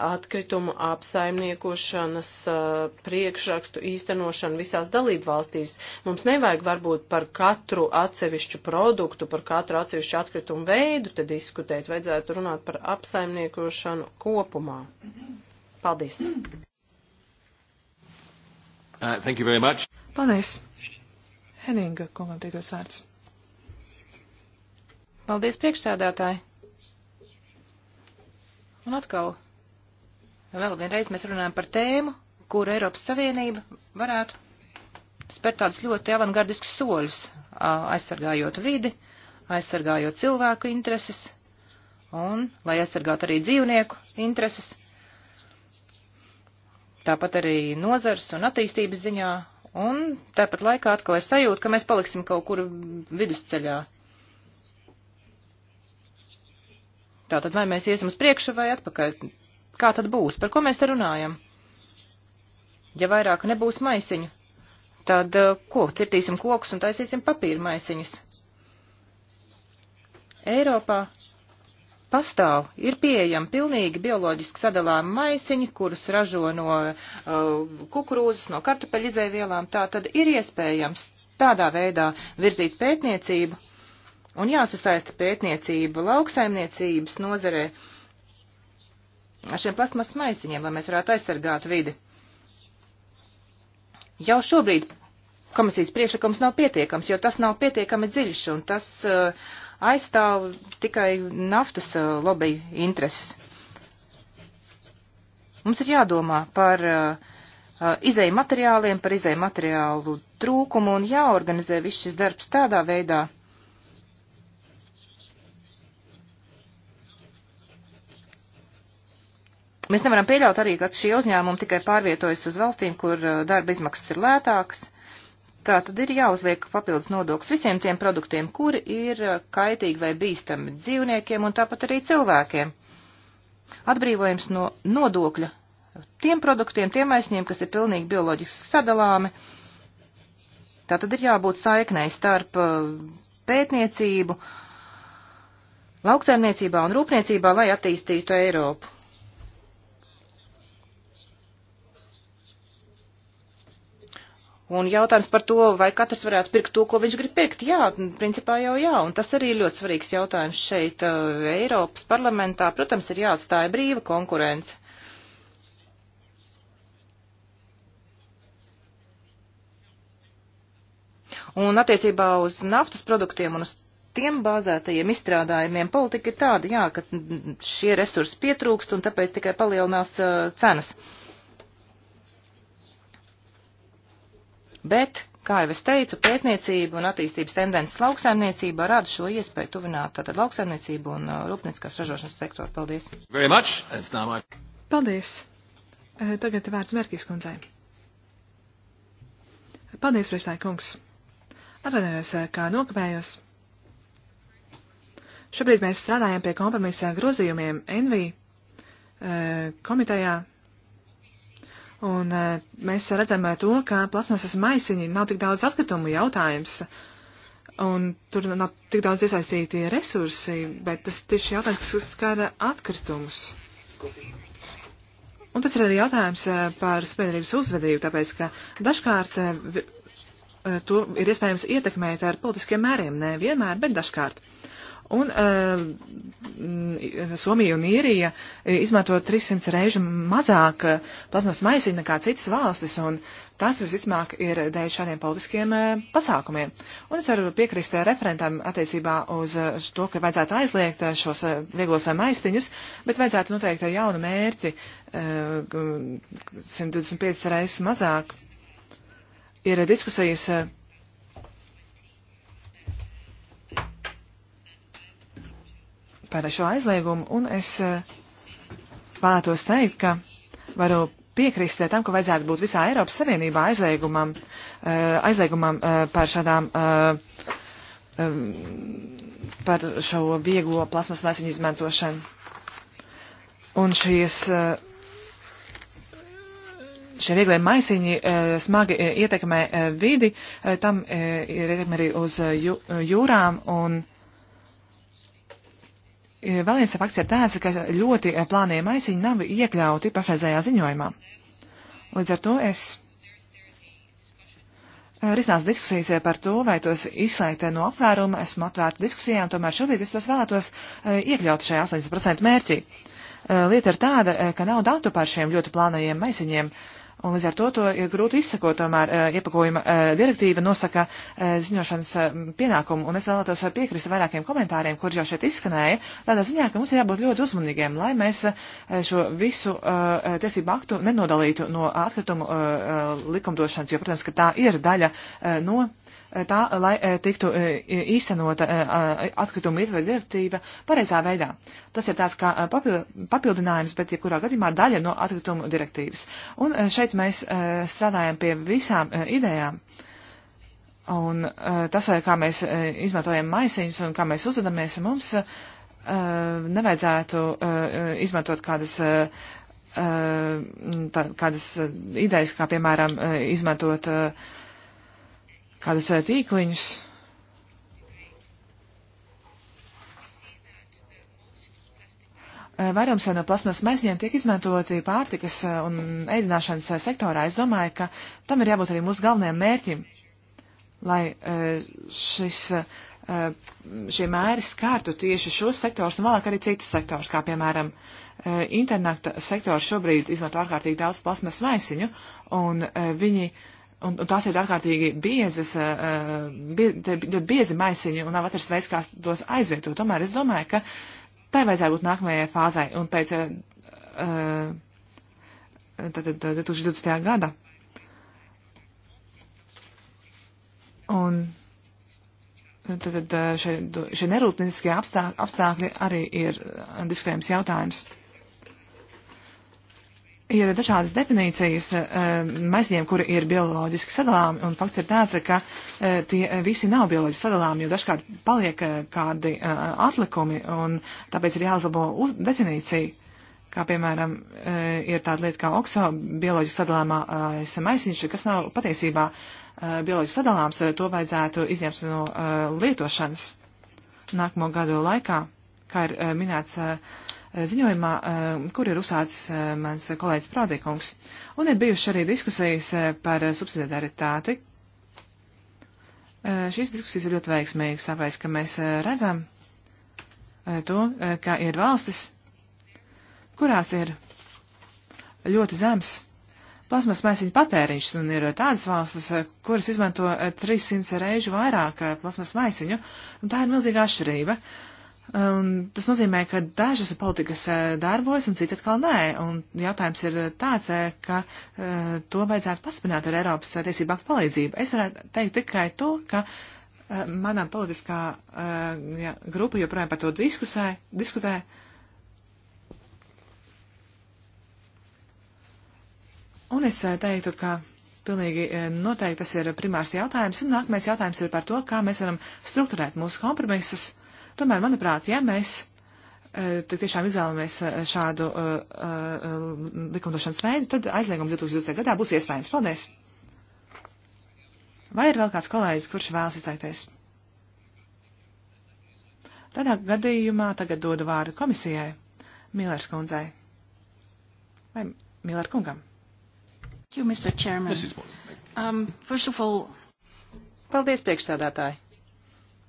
atkritumu apsaimniekošanas uh, priekšrakstu īstenošanu visās dalību valstīs. Mums nevajag varbūt par katru atsevišķu produktu, par katru atsevišķu atkritumu veidu te diskutēt, vajadzētu runāt par apsaimniekošanu kopumā. Paldies! Uh, thank you very much. Paldies. Henninga komentētos vārds. Paldies, priekšsādātāji! Un atkal, vēl vienreiz mēs runājam par tēmu, kur Eiropas Savienība varētu spērt tādus ļoti avangardiskus soļus, aizsargājot vidi, aizsargājot cilvēku intereses un, lai aizsargātu arī dzīvnieku intereses, tāpat arī nozars un attīstības ziņā, un tāpat laikā atkal es sajūtu, ka mēs paliksim kaut kur vidusceļā. Tātad vai mēs iesim uz priekšu vai atpakaļ? Kā tad būs? Par ko mēs te runājam? Ja vairāk nebūs maisiņu, tad eh, ko? Cirtīsim kokus un taisīsim papīra maisiņus. Eiropā pastāv, ir pieejami pilnīgi bioloģiski sadalāmi maisiņi, kurus ražo no uh, kukurūzas, no kartupeļu izēvielām. Tā tad ir iespējams tādā veidā virzīt pētniecību Un jāsasaista pētniecība lauksaimniecības nozarē ar šiem plasmas maisiņiem, lai mēs varētu aizsargāt vidi. Jau šobrīd komisijas priekšlikums nav pietiekams, jo tas nav pietiekami dziļš un tas uh, aizstāv tikai naftas uh, lobby intereses. Mums ir jādomā par uh, uh izēju materiāliem, par izēju materiālu trūkumu un jāorganizē viss šis darbs tādā veidā, Mēs nevaram pieļaut arī, ka šie uzņēmumi tikai pārvietojas uz valstīm, kur uh, darba izmaksas ir lētākas. Tā tad ir jāuzliek papildus nodoklis visiem tiem produktiem, kuri ir uh, kaitīgi vai bīstami dzīvniekiem un tāpat arī cilvēkiem. Atbrīvojums no nodokļa tiem produktiem, tiem aizņiem, kas ir pilnīgi bioloģiski sadalāmi. Tā tad ir jābūt saiknei starp uh, pētniecību, lauksaimniecībā un rūpniecībā, lai attīstītu Eiropu. Un jautājums par to, vai katrs varētu pirkt to, ko viņš grib pirkt. Jā, principā jau jā, un tas arī ir ļoti svarīgs jautājums šeit uh, Eiropas parlamentā. Protams, ir jāatstāja brīva konkurence. Un attiecībā uz naftas produktiem un uz tiem bāzētajiem izstrādājumiem politika ir tāda, jā, ka šie resursi pietrūkst un tāpēc tikai palielinās uh, cenas. Uh, bet, kā jau es teicu, pētniecība un attīstības tendences lauksaimniecībā rada šo iespēju tuvināt tātad lauksaimniecību un uh, rūpnieciskās ražošanas sektoru. Paldies! My... Paldies! Eh, tagad vērts Merkīs kundzei. Paldies, priekšstāja kungs! Atvainojos, eh, kā nokavējos. Šobrīd mēs strādājam pie kompromisa grozījumiem NV eh, komitejā Un eh, mēs redzam eh, to, ka plasmasas maisiņi nav tik daudz atkritumu jautājums. Un tur nav tik daudz iesaistīti resursi, bet tas tieši jautājums, kas skara atkritumus. Un tas ir arī jautājums eh, par sabiedrības uzvedību, tāpēc, ka dažkārt to ir iespējams ietekmēt ar politiskiem mēriem, ne vienmēr, bet dažkārt. Uh, Un uh, Somija un Īrija eh, izmanto 300 reižu mazāk eh, plazmas maisiņu nekā citas valstis, un tas visticamāk ir dēļ šādiem politiskiem uh, pasākumiem. Un es varu piekrist referentam attiecībā uz uh, to, ka vajadzētu aizliegt uh, šos uh, vieglos maisiņus, bet vajadzētu noteikti jaunu mērķi uh, 125 reizes mazāk. Ir diskusijas par šo aizliegumu, un es eh, vēlētos teikt, ka varu piekrist eh, tam, ka vajadzētu būt visā Eiropas Savienībā aizliegumam, eh, aizliegumam par šādām par šo vieglo plasmas mēsiņu izmantošanu. Un šīs, šie vieglie maisiņi smagi ietekmē vidi, tam ir ietekme arī uz jūrām un Eh, vēl viens fakts ir tāds, ka ļoti eh, plānie maisiņi nav iekļauti pašreizējā ziņojumā. Līdz ar to es eh, risinās diskusijas par to, vai tos izslēgt no aptvēruma, esmu atvērta diskusijām, tomēr šobrīd es tos vēlētos iekļaut šajā 80% mērķī. Lieta ir tāda, ka nav datu par šiem ļoti plānajiem maisiņiem, Un līdz ar to to ir grūti izsakot, tomēr eh, iepakojuma eh, direktīva nosaka eh, ziņošanas pienākumu, un es vēlētos piekrist vairākiem komentāriem, kur jau šeit izskanēja, tādā ziņā, ka mums ir jābūt ļoti uzmanīgiem, lai mēs šo visu tiesību aktu nenodalītu no atkritumu likumdošanas, jo, protams, ka tā ir daļa no tā, lai tiktu īstenota atkrituma ietver direktīva pareizā veidā. Tas ir tās kā papildinājums, bet jebkurā gadījumā daļa no atkrituma direktīvas. Un šeit šeit mēs eh, strādājam pie visām eh, idejām. Un eh, tas, kā mēs izmantojam maisiņus un kā mēs uzvedamies, mums nevajadzētu izmantot kādas tā, kādas idejas, kā piemēram izmantot kādus tīkliņus. Eh, vairums no plasmas maisiņiem tiek izmantoti pārtikas eh, un ēdināšanas eh, sektorā. Es domāju, ka tam ir jābūt arī mūsu galvenajam mērķim, lai šis, šie mēri skārtu tieši šos sektors un vēlāk arī citus sektors, kā piemēram interneta sektors šobrīd izmanto ārkārtīgi daudz plasmas maisiņu, un viņi. Un, un tās ir ārkārtīgi biezas, uh, bie, biezi maisiņi, un nav atrast veids, kā tos aizvietot. Tomēr es domāju, ka uh, Tai vajadzētu būt nākamajai fāzai un pēc uh, tad, tad, 2020. gada. Un tad, tad šie nerūpnieciskie apstākļi, apstākļi arī ir eh, diskutējums jautājums ir dažādas definīcijas eh, mežiem, kuri ir bioloģiski sadalāmi, un fakts ir tāds, ka eh, tie visi nav bioloģiski sadalāmi, jo dažkārt paliek eh, kādi atlikumi, un tāpēc ir jāuzlabo uz definīciju. Kā piemēram, ir tāda lieta kā okso bioloģiski sadalāmā maisiņš, kas nav patiesībā bioloģiski sadalāms, to vajadzētu izņemt no lietošanas nākamo gadu laikā, kā ir minēts Eh, ziņojumā, eh, kur ir uzsācis eh, mans kolēģis Prādīkungs. Un ir bijušas arī diskusijas par subsidiaritāti. Šīs diskusijas ir ļoti veiksmīgas, tāpēc, ka mēs redzam to, ka ir valstis, kurās ir ļoti zems plasmas maisiņu patēriņš, un ir tādas valstis, kuras izmanto 300 reižu vairāk plasmas maisiņu, un tā ir milzīga atšķirība. Um, tas nozīmē, ka dažas politikas uh, darbojas un citas atkal nē. Un jautājums ir tāds, uh, ka uh, to vajadzētu paspināt ar Eiropas uh, tiesību aktu palīdzību. Es varētu teikt tikai to, ka uh, manā politiskā uh, ja, grupa joprojām par to diskusē, diskutē. Un es uh, teiktu, ka pilnīgi uh, noteikti tas ir primārs jautājums. Un nākamais jautājums ir par to, kā mēs varam strukturēt mūsu kompromisus. Uh, Tomēr, manuprāt, ja mēs e, tiešām izvēlamies e, šādu e, likumdošanas veidu, tad aizliegums 2020. gadā būs iespējams. Paldies! Vai ir vēl kāds kolēģis, kurš vēlas izteikties? Tādā gadījumā tagad dodu vārdu komisijai, Millers kundzei. Vai Miller kungam? You, Mr. Chairman. Um, first of all... Paldies, priekšsādātāji.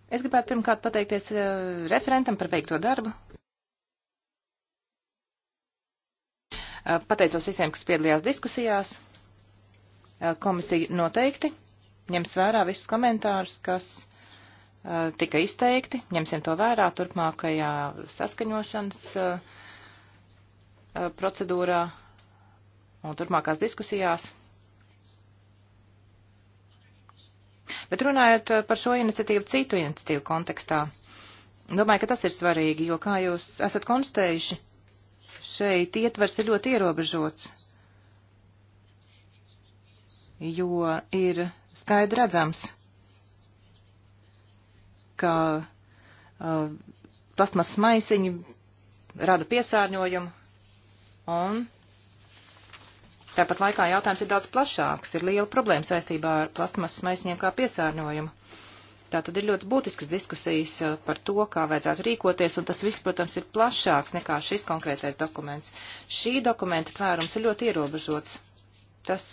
Es gribētu pirmkārt pateikties eh, referentam par veikto darbu. Eh, pateicos visiem, kas piedalījās diskusijās. Eh, komisija noteikti ņems vērā visus komentārus, kas tika izteikti. Ņemsim to vērā turpmākajā saskaņošanas procedūrā un turpmākās diskusijās. Bet runājot eh, par šo iniciatīvu citu iniciatīvu kontekstā, domāju, ka tas ir svarīgi, jo, kā jūs esat konstatējuši, šeit ietvers ir ļoti ierobežots, jo ir skaidri redzams, ka uh, eh, plasmas maisiņi rada piesārņojumu un Tāpat laikā jautājums ir daudz plašāks. Ir liela problēma saistībā ar plastmasas maisņiem kā piesārņojumu. Tā tad ir ļoti būtiskas diskusijas uh, par to, kā vajadzētu rīkoties, un tas viss, protams, ir plašāks nekā šis konkrētais dokuments. Šī dokumenta tvērums ir ļoti ierobežots. Tas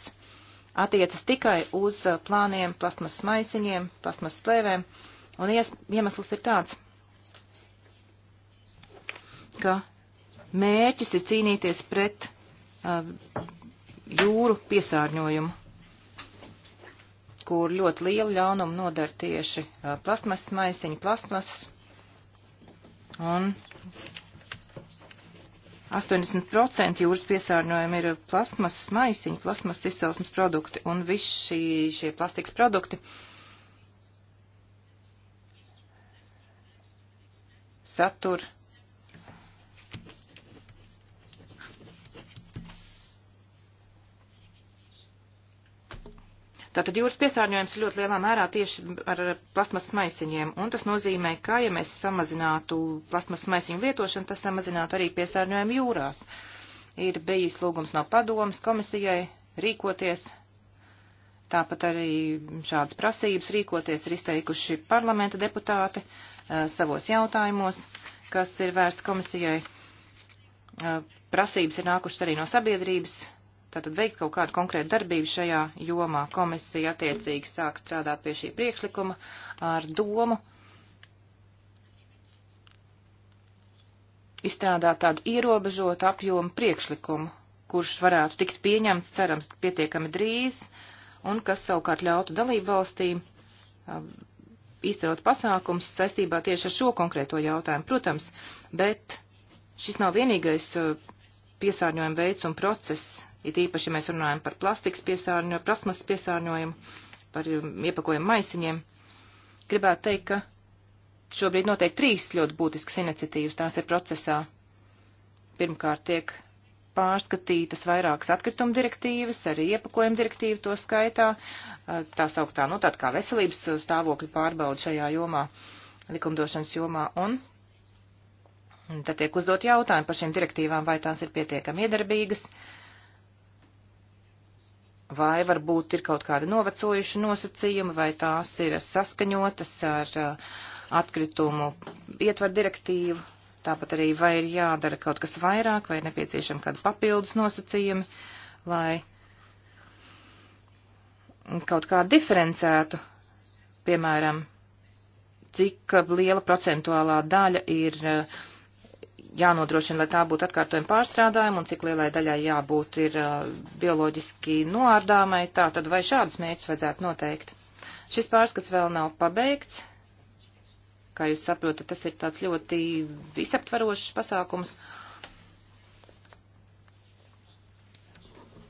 attiecas tikai uz uh, plāniem, plasmas maisiņiem, plasmas plēvēm, un ies, iemesls ir tāds, ka mērķis ir cīnīties pret uh, jūru piesārņojumu, kur ļoti lielu ļaunumu nodara tieši plastmasas maisiņu, plastmasas. Un 80% jūras piesārņojumi ir plastmasas maisiņi, plastmasas izcelsmes produkti un visi šie plastikas produkti. Satur Tātad jūras piesārņojums ļoti lielā mērā tieši ar plasmas maisiņiem, un tas nozīmē, ka, ja mēs samazinātu plasmas maisiņu lietošanu, tas samazinātu arī piesārņojumu jūrās. Ir bijis lūgums no padomas komisijai rīkoties, tāpat arī šādas prasības rīkoties ir izteikuši parlamenta deputāti eh, savos jautājumos, kas ir vērsti komisijai. Eh, prasības ir nākušas arī no sabiedrības tātad veikt kaut kādu konkrētu darbību šajā jomā. Komisija attiecīgi sāk strādāt pie šī priekšlikuma ar domu izstrādāt tādu ierobežotu apjomu priekšlikumu, kurš varētu tikt pieņemts, cerams, pietiekami drīz, un kas savukārt ļautu dalību valstīm īstenot pasākums saistībā tieši ar šo konkrēto jautājumu, protams, bet šis nav vienīgais piesārņojuma veids un process, It īpaši mēs runājam par plastikas piesārņojumu, plasmas piesārņojumu, par um, iepakojumu maisiņiem. Gribētu teikt, ka šobrīd notiek trīs ļoti būtiskas iniciatīvas, tās ir procesā. Pirmkārt tiek pārskatītas vairākas atkrituma direktīvas, arī iepakojuma direktīva to skaitā, tā sauktā, nu, tāda kā veselības stāvokļa pārbauda šajā jomā, likumdošanas jomā, un tad tiek uzdot jautājumi par šīm direktīvām, vai tās ir pietiekami iedarbīgas, uh, vai varbūt ir kaut kādi novecojuši nosacījumi, vai tās ir saskaņotas ar uh, atkritumu ietvar direktīvu, tāpat arī vai ir jādara kaut kas vairāk, vai ir nepieciešami kādi papildus nosacījumi, lai kaut kā diferencētu, piemēram, cik liela procentuālā daļa ir uh, jānodrošina, lai tā būtu atkārtojuma pārstrādājuma un cik lielai daļai jābūt ir bioloģiski noārdāmai, tā tad vai šādus mērķus vajadzētu noteikt. Šis pārskats vēl nav pabeigts. Kā jūs saprotat, tas ir tāds ļoti visaptvarošs pasākums.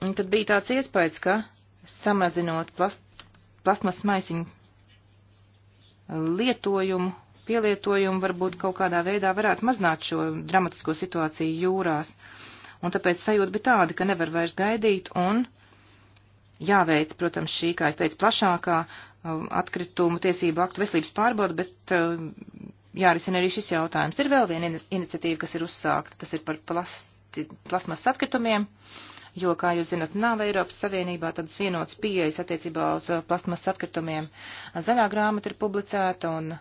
Un tad bija tāds iespējas, ka samazinot plast, plasmas maisiņu lietojumu, pielietojumu varbūt kaut kādā veidā varētu mazināt šo dramatisko situāciju jūrās. Un tāpēc sajūta bija tāda, ka nevar vairs gaidīt un jāveic, protams, šī, kā es teicu, plašākā um, atkritumu tiesību aktu veselības pārbauda, bet um, jārisina arī šis jautājums. Ir vēl viena iniciatīva, kas ir uzsākta, tas ir par plasti, plasmas atkritumiem jo, kā jūs zinat, nav Eiropas Savienībā tādas vienotas pieejas attiecībā uz uh, plasmas atkritumiem. Zaļā grāmata ir publicēta un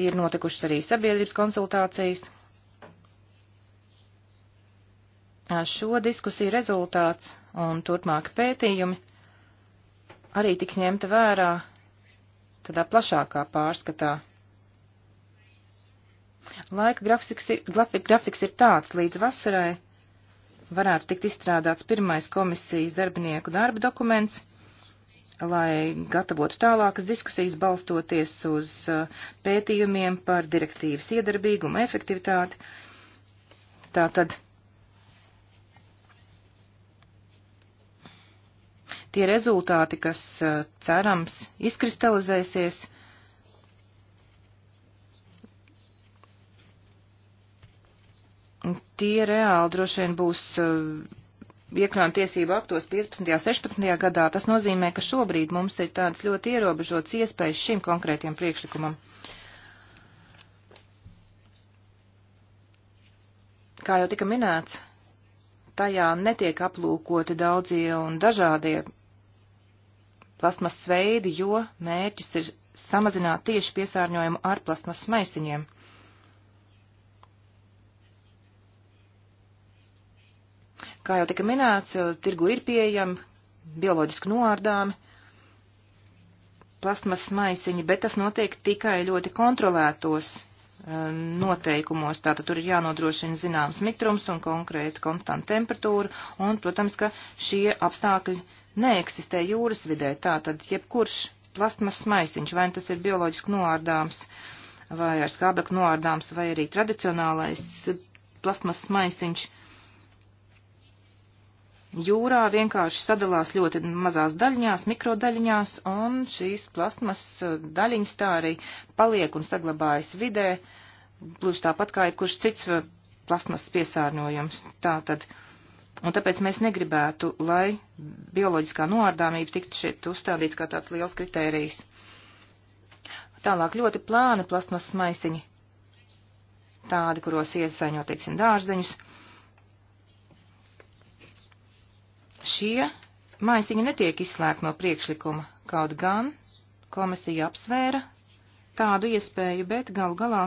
Ir notikušas arī sabiedrības konsultācijas. Šo diskusiju rezultāts un turpmāki pētījumi arī tiks ņemta vērā tādā plašākā pārskatā. Laika grafiks, grafik, grafiks ir tāds, līdz vasarai varētu tikt izstrādāts pirmais komisijas darbinieku darba dokuments, lai gatavotu tālākas diskusijas balstoties uz uh, pētījumiem par direktīvas iedarbīgumu, efektivitāti. Tātad tie rezultāti, kas uh, cerams izkristalizēsies, tie reāli droši vien būs uh, iekļaujam tiesību aktos 15. un 16. gadā, tas nozīmē, ka šobrīd mums ir tāds ļoti ierobežots iespējas šim konkrētiem priekšlikumam. Kā jau tika minēts, tajā netiek aplūkoti daudzie un dažādie plasmas veidi, jo mērķis ir samazināt tieši piesārņojumu ar plasmas maisiņiem. Kā jau tika minēts, tirgu ir pieejami, bioloģiski noārdāmi, plasmasas maisiņi, bet tas notiek tikai ļoti kontrolētos eh, noteikumos. Tātad tur ir jānodrošina zināms mitrums un konkrēta konstanta temperatūra, un, protams, ka šie apstākļi neeksistē jūras vidē. Tātad jebkurš plastmasas maisiņš, vai nu tas ir bioloģiski noārdāms, vai ar skābekli noārdāms, vai arī tradicionālais plastmasas maisiņš, jūrā vienkārši sadalās ļoti mazās daļiņās, mikrodaļiņās, un šīs plasmas eh, daļiņas tā arī paliek un saglabājas vidē, gluži tāpat kā jebkurš cits eh, plasmas piesārņojums. Tātad, un tāpēc mēs negribētu, lai bioloģiskā noārdāmība tiktu šeit uzstādīts kā tāds liels kritērijs. Tālāk ļoti plāni plasmas maisiņi, tādi, kuros iesaņo, teiksim, dārzeņus Šie maisiņi netiek izslēgti no priekšlikuma, kaut gan komisija apsvēra tādu iespēju, bet gal galā,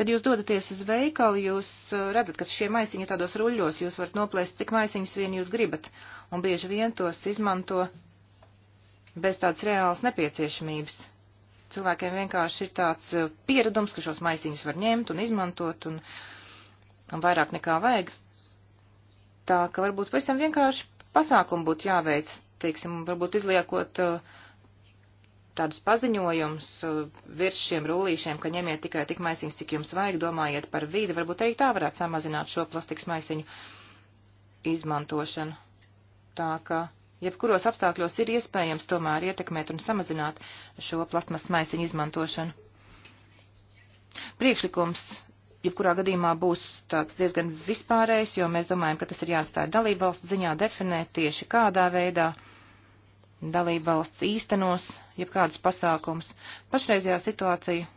kad jūs dodaties uz veikalu, jūs uh, redzat, ka šie maisiņi tādos ruļļos, jūs varat noplēst, cik maisiņus vien jūs gribat, un bieži vien tos izmanto bez tādas reālas nepieciešamības. Cilvēkiem vienkārši ir tāds uh, pieredums, ka šos maisiņus var ņemt un izmantot, un, un vairāk nekā vajag tā ka varbūt pavisam vienkārši pasākumu būtu jāveic, teiksim, varbūt izliekot uh, tādus paziņojumus uh, virs šiem rullīšiem, ka ņemiet tikai tik maisiņus, cik jums vajag, domājiet par vīdi, varbūt arī tā varētu samazināt šo plastikas maisiņu izmantošanu. Tā ka jebkuros apstākļos ir iespējams tomēr ietekmēt un samazināt šo plastmas maisiņu izmantošanu. Priekšlikums jebkurā gadījumā būs tāds diezgan vispārējs, jo mēs domājam, ka tas ir jāatstāja dalībvalstu ziņā definēt tieši kādā veidā dalībvalsts īstenos jebkādus pasākums. Pašreizajā situācija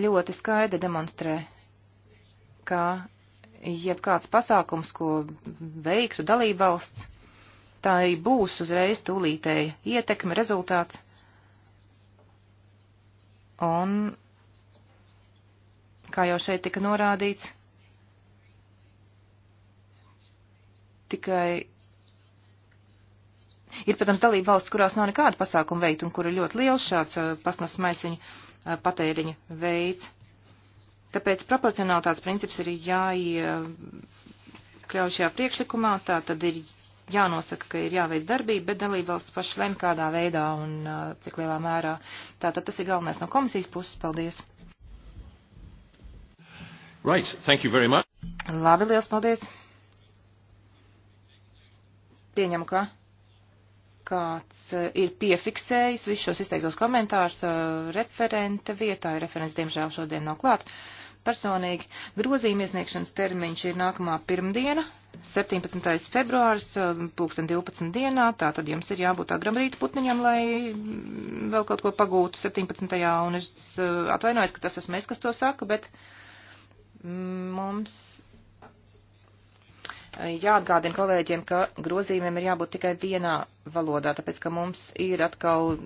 ļoti skaidri demonstrē, ka jebkāds pasākums, ko veiktu dalībvalsts, tā būs uzreiz tūlītēja ietekme rezultāts. Un Kā jau šeit tika norādīts, tikai ir, protams, dalība valsts, kurās nav nekāda pasākuma veikt un kur ir ļoti liels šāds pasnas maisiņu patēriņa veids. Tāpēc proporcionalitātes princips ir jāiekļauj šajā priekšlikumā, tā tad ir jānosaka, ka ir jāveic darbība, bet dalība valsts paši lem kādā veidā un cik lielā mērā. Tātad tas ir galvenais no komisijas puses. Paldies! Right, thank you very much. Labi, liels paldies. Pieņemu, ka kāds eh, ir piefiksējis visus šos izteiktos komentārus eh, referenta vietā, jo referents diemžēl šodien nav klāt. Personīgi grozījuma iesniegšanas termiņš ir nākamā pirmdiena, 17. februāris, eh, pulksten 12 dienā, tā tad jums ir jābūt agram rīta putniņam, lai vēl kaut ko pagūtu 17. un es atvainojos, ka tas esmu es, kas to saka, bet. Uh, Mums jāatgādina kolēģiem, ka grozījumiem ir jābūt tikai vienā valodā, tāpēc ka mums ir atkal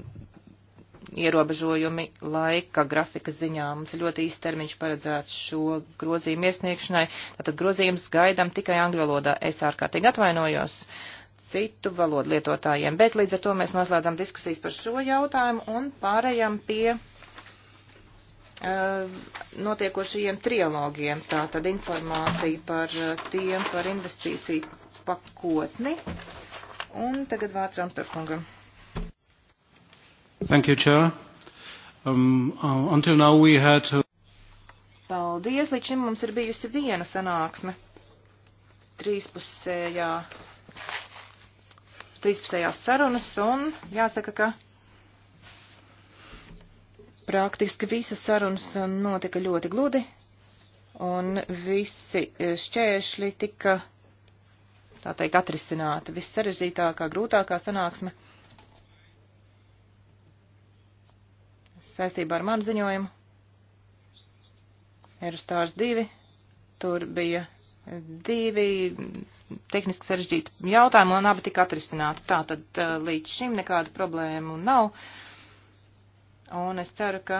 ierobežojumi laika grafika ziņā. Mums ir ļoti īsts termiņš paredzēts šo grozījumu iesniegšanai. Tātad grozījums gaidām tikai angļu valodā. Es ārkārtīgi atvainojos citu valodu lietotājiem, bet līdz ar to mēs noslēdzam diskusijas par šo jautājumu un pārējām pie. Uh, notiekošajiem trilogiem, tā tad informācija par uh, tiem, par investīciju pakotni. Un tagad vārds Ramstorfungam. Thank you, Chair. Um, uh, until now we had... Paldies, līdz šim mums ir bijusi viena sanāksme. Trīspusējā, trīspusējās sarunas un jāsaka, ka Praktiski visas sarunas notika ļoti gludi, un visi e, šķēršļi tika, tā teikt, atrisināti. Viss sarežģītākā, grūtākā sanāksme saistībā ar manu ziņojumu Eurostārs 2. Tur bija divi tehniski sarežģīti jautājumi, un abi tika atrisināti. Tā tad e, līdz šim nekādu problēmu nav. Uh, Un es ceru, ka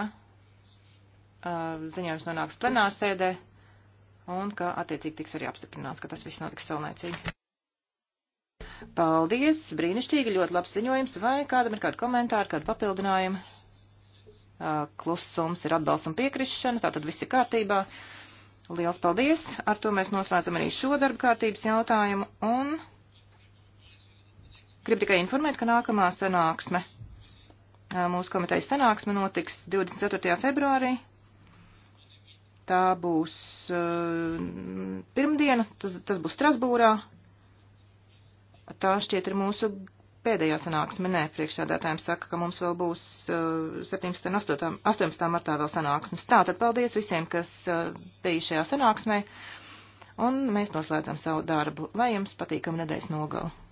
uh, ziņojums nonāks plenārsēdē un ka attiecīgi tiks arī apstiprināts, ka tas viss notiks saulēcīgi. Paldies! Brīnišķīgi, ļoti labs ziņojums. Vai kādam ir kādi komentāri, kādi papildinājumi? Uh, klusums ir atbalsts un piekrišana, tātad viss ir kārtībā. Liels paldies! Ar to mēs noslēdzam arī šo darba kārtības jautājumu un gribu tikai informēt, ka nākamā sanāksme Mūsu komitejas sanāksme notiks 24. februārī. Tā būs uh, pirmdiena, tas, tas būs Strasbūrā. Tā šķiet ir mūsu pēdējā sanāksme. Nē, priekšsādātājiem saka, ka mums vēl būs uh, 17. un 18. 18. martā vēl sanāksmes. Tā tad paldies visiem, kas uh, bija šajā sanāksmē. Un mēs noslēdzam savu darbu. Lai jums patīkam nedēļas nogalu.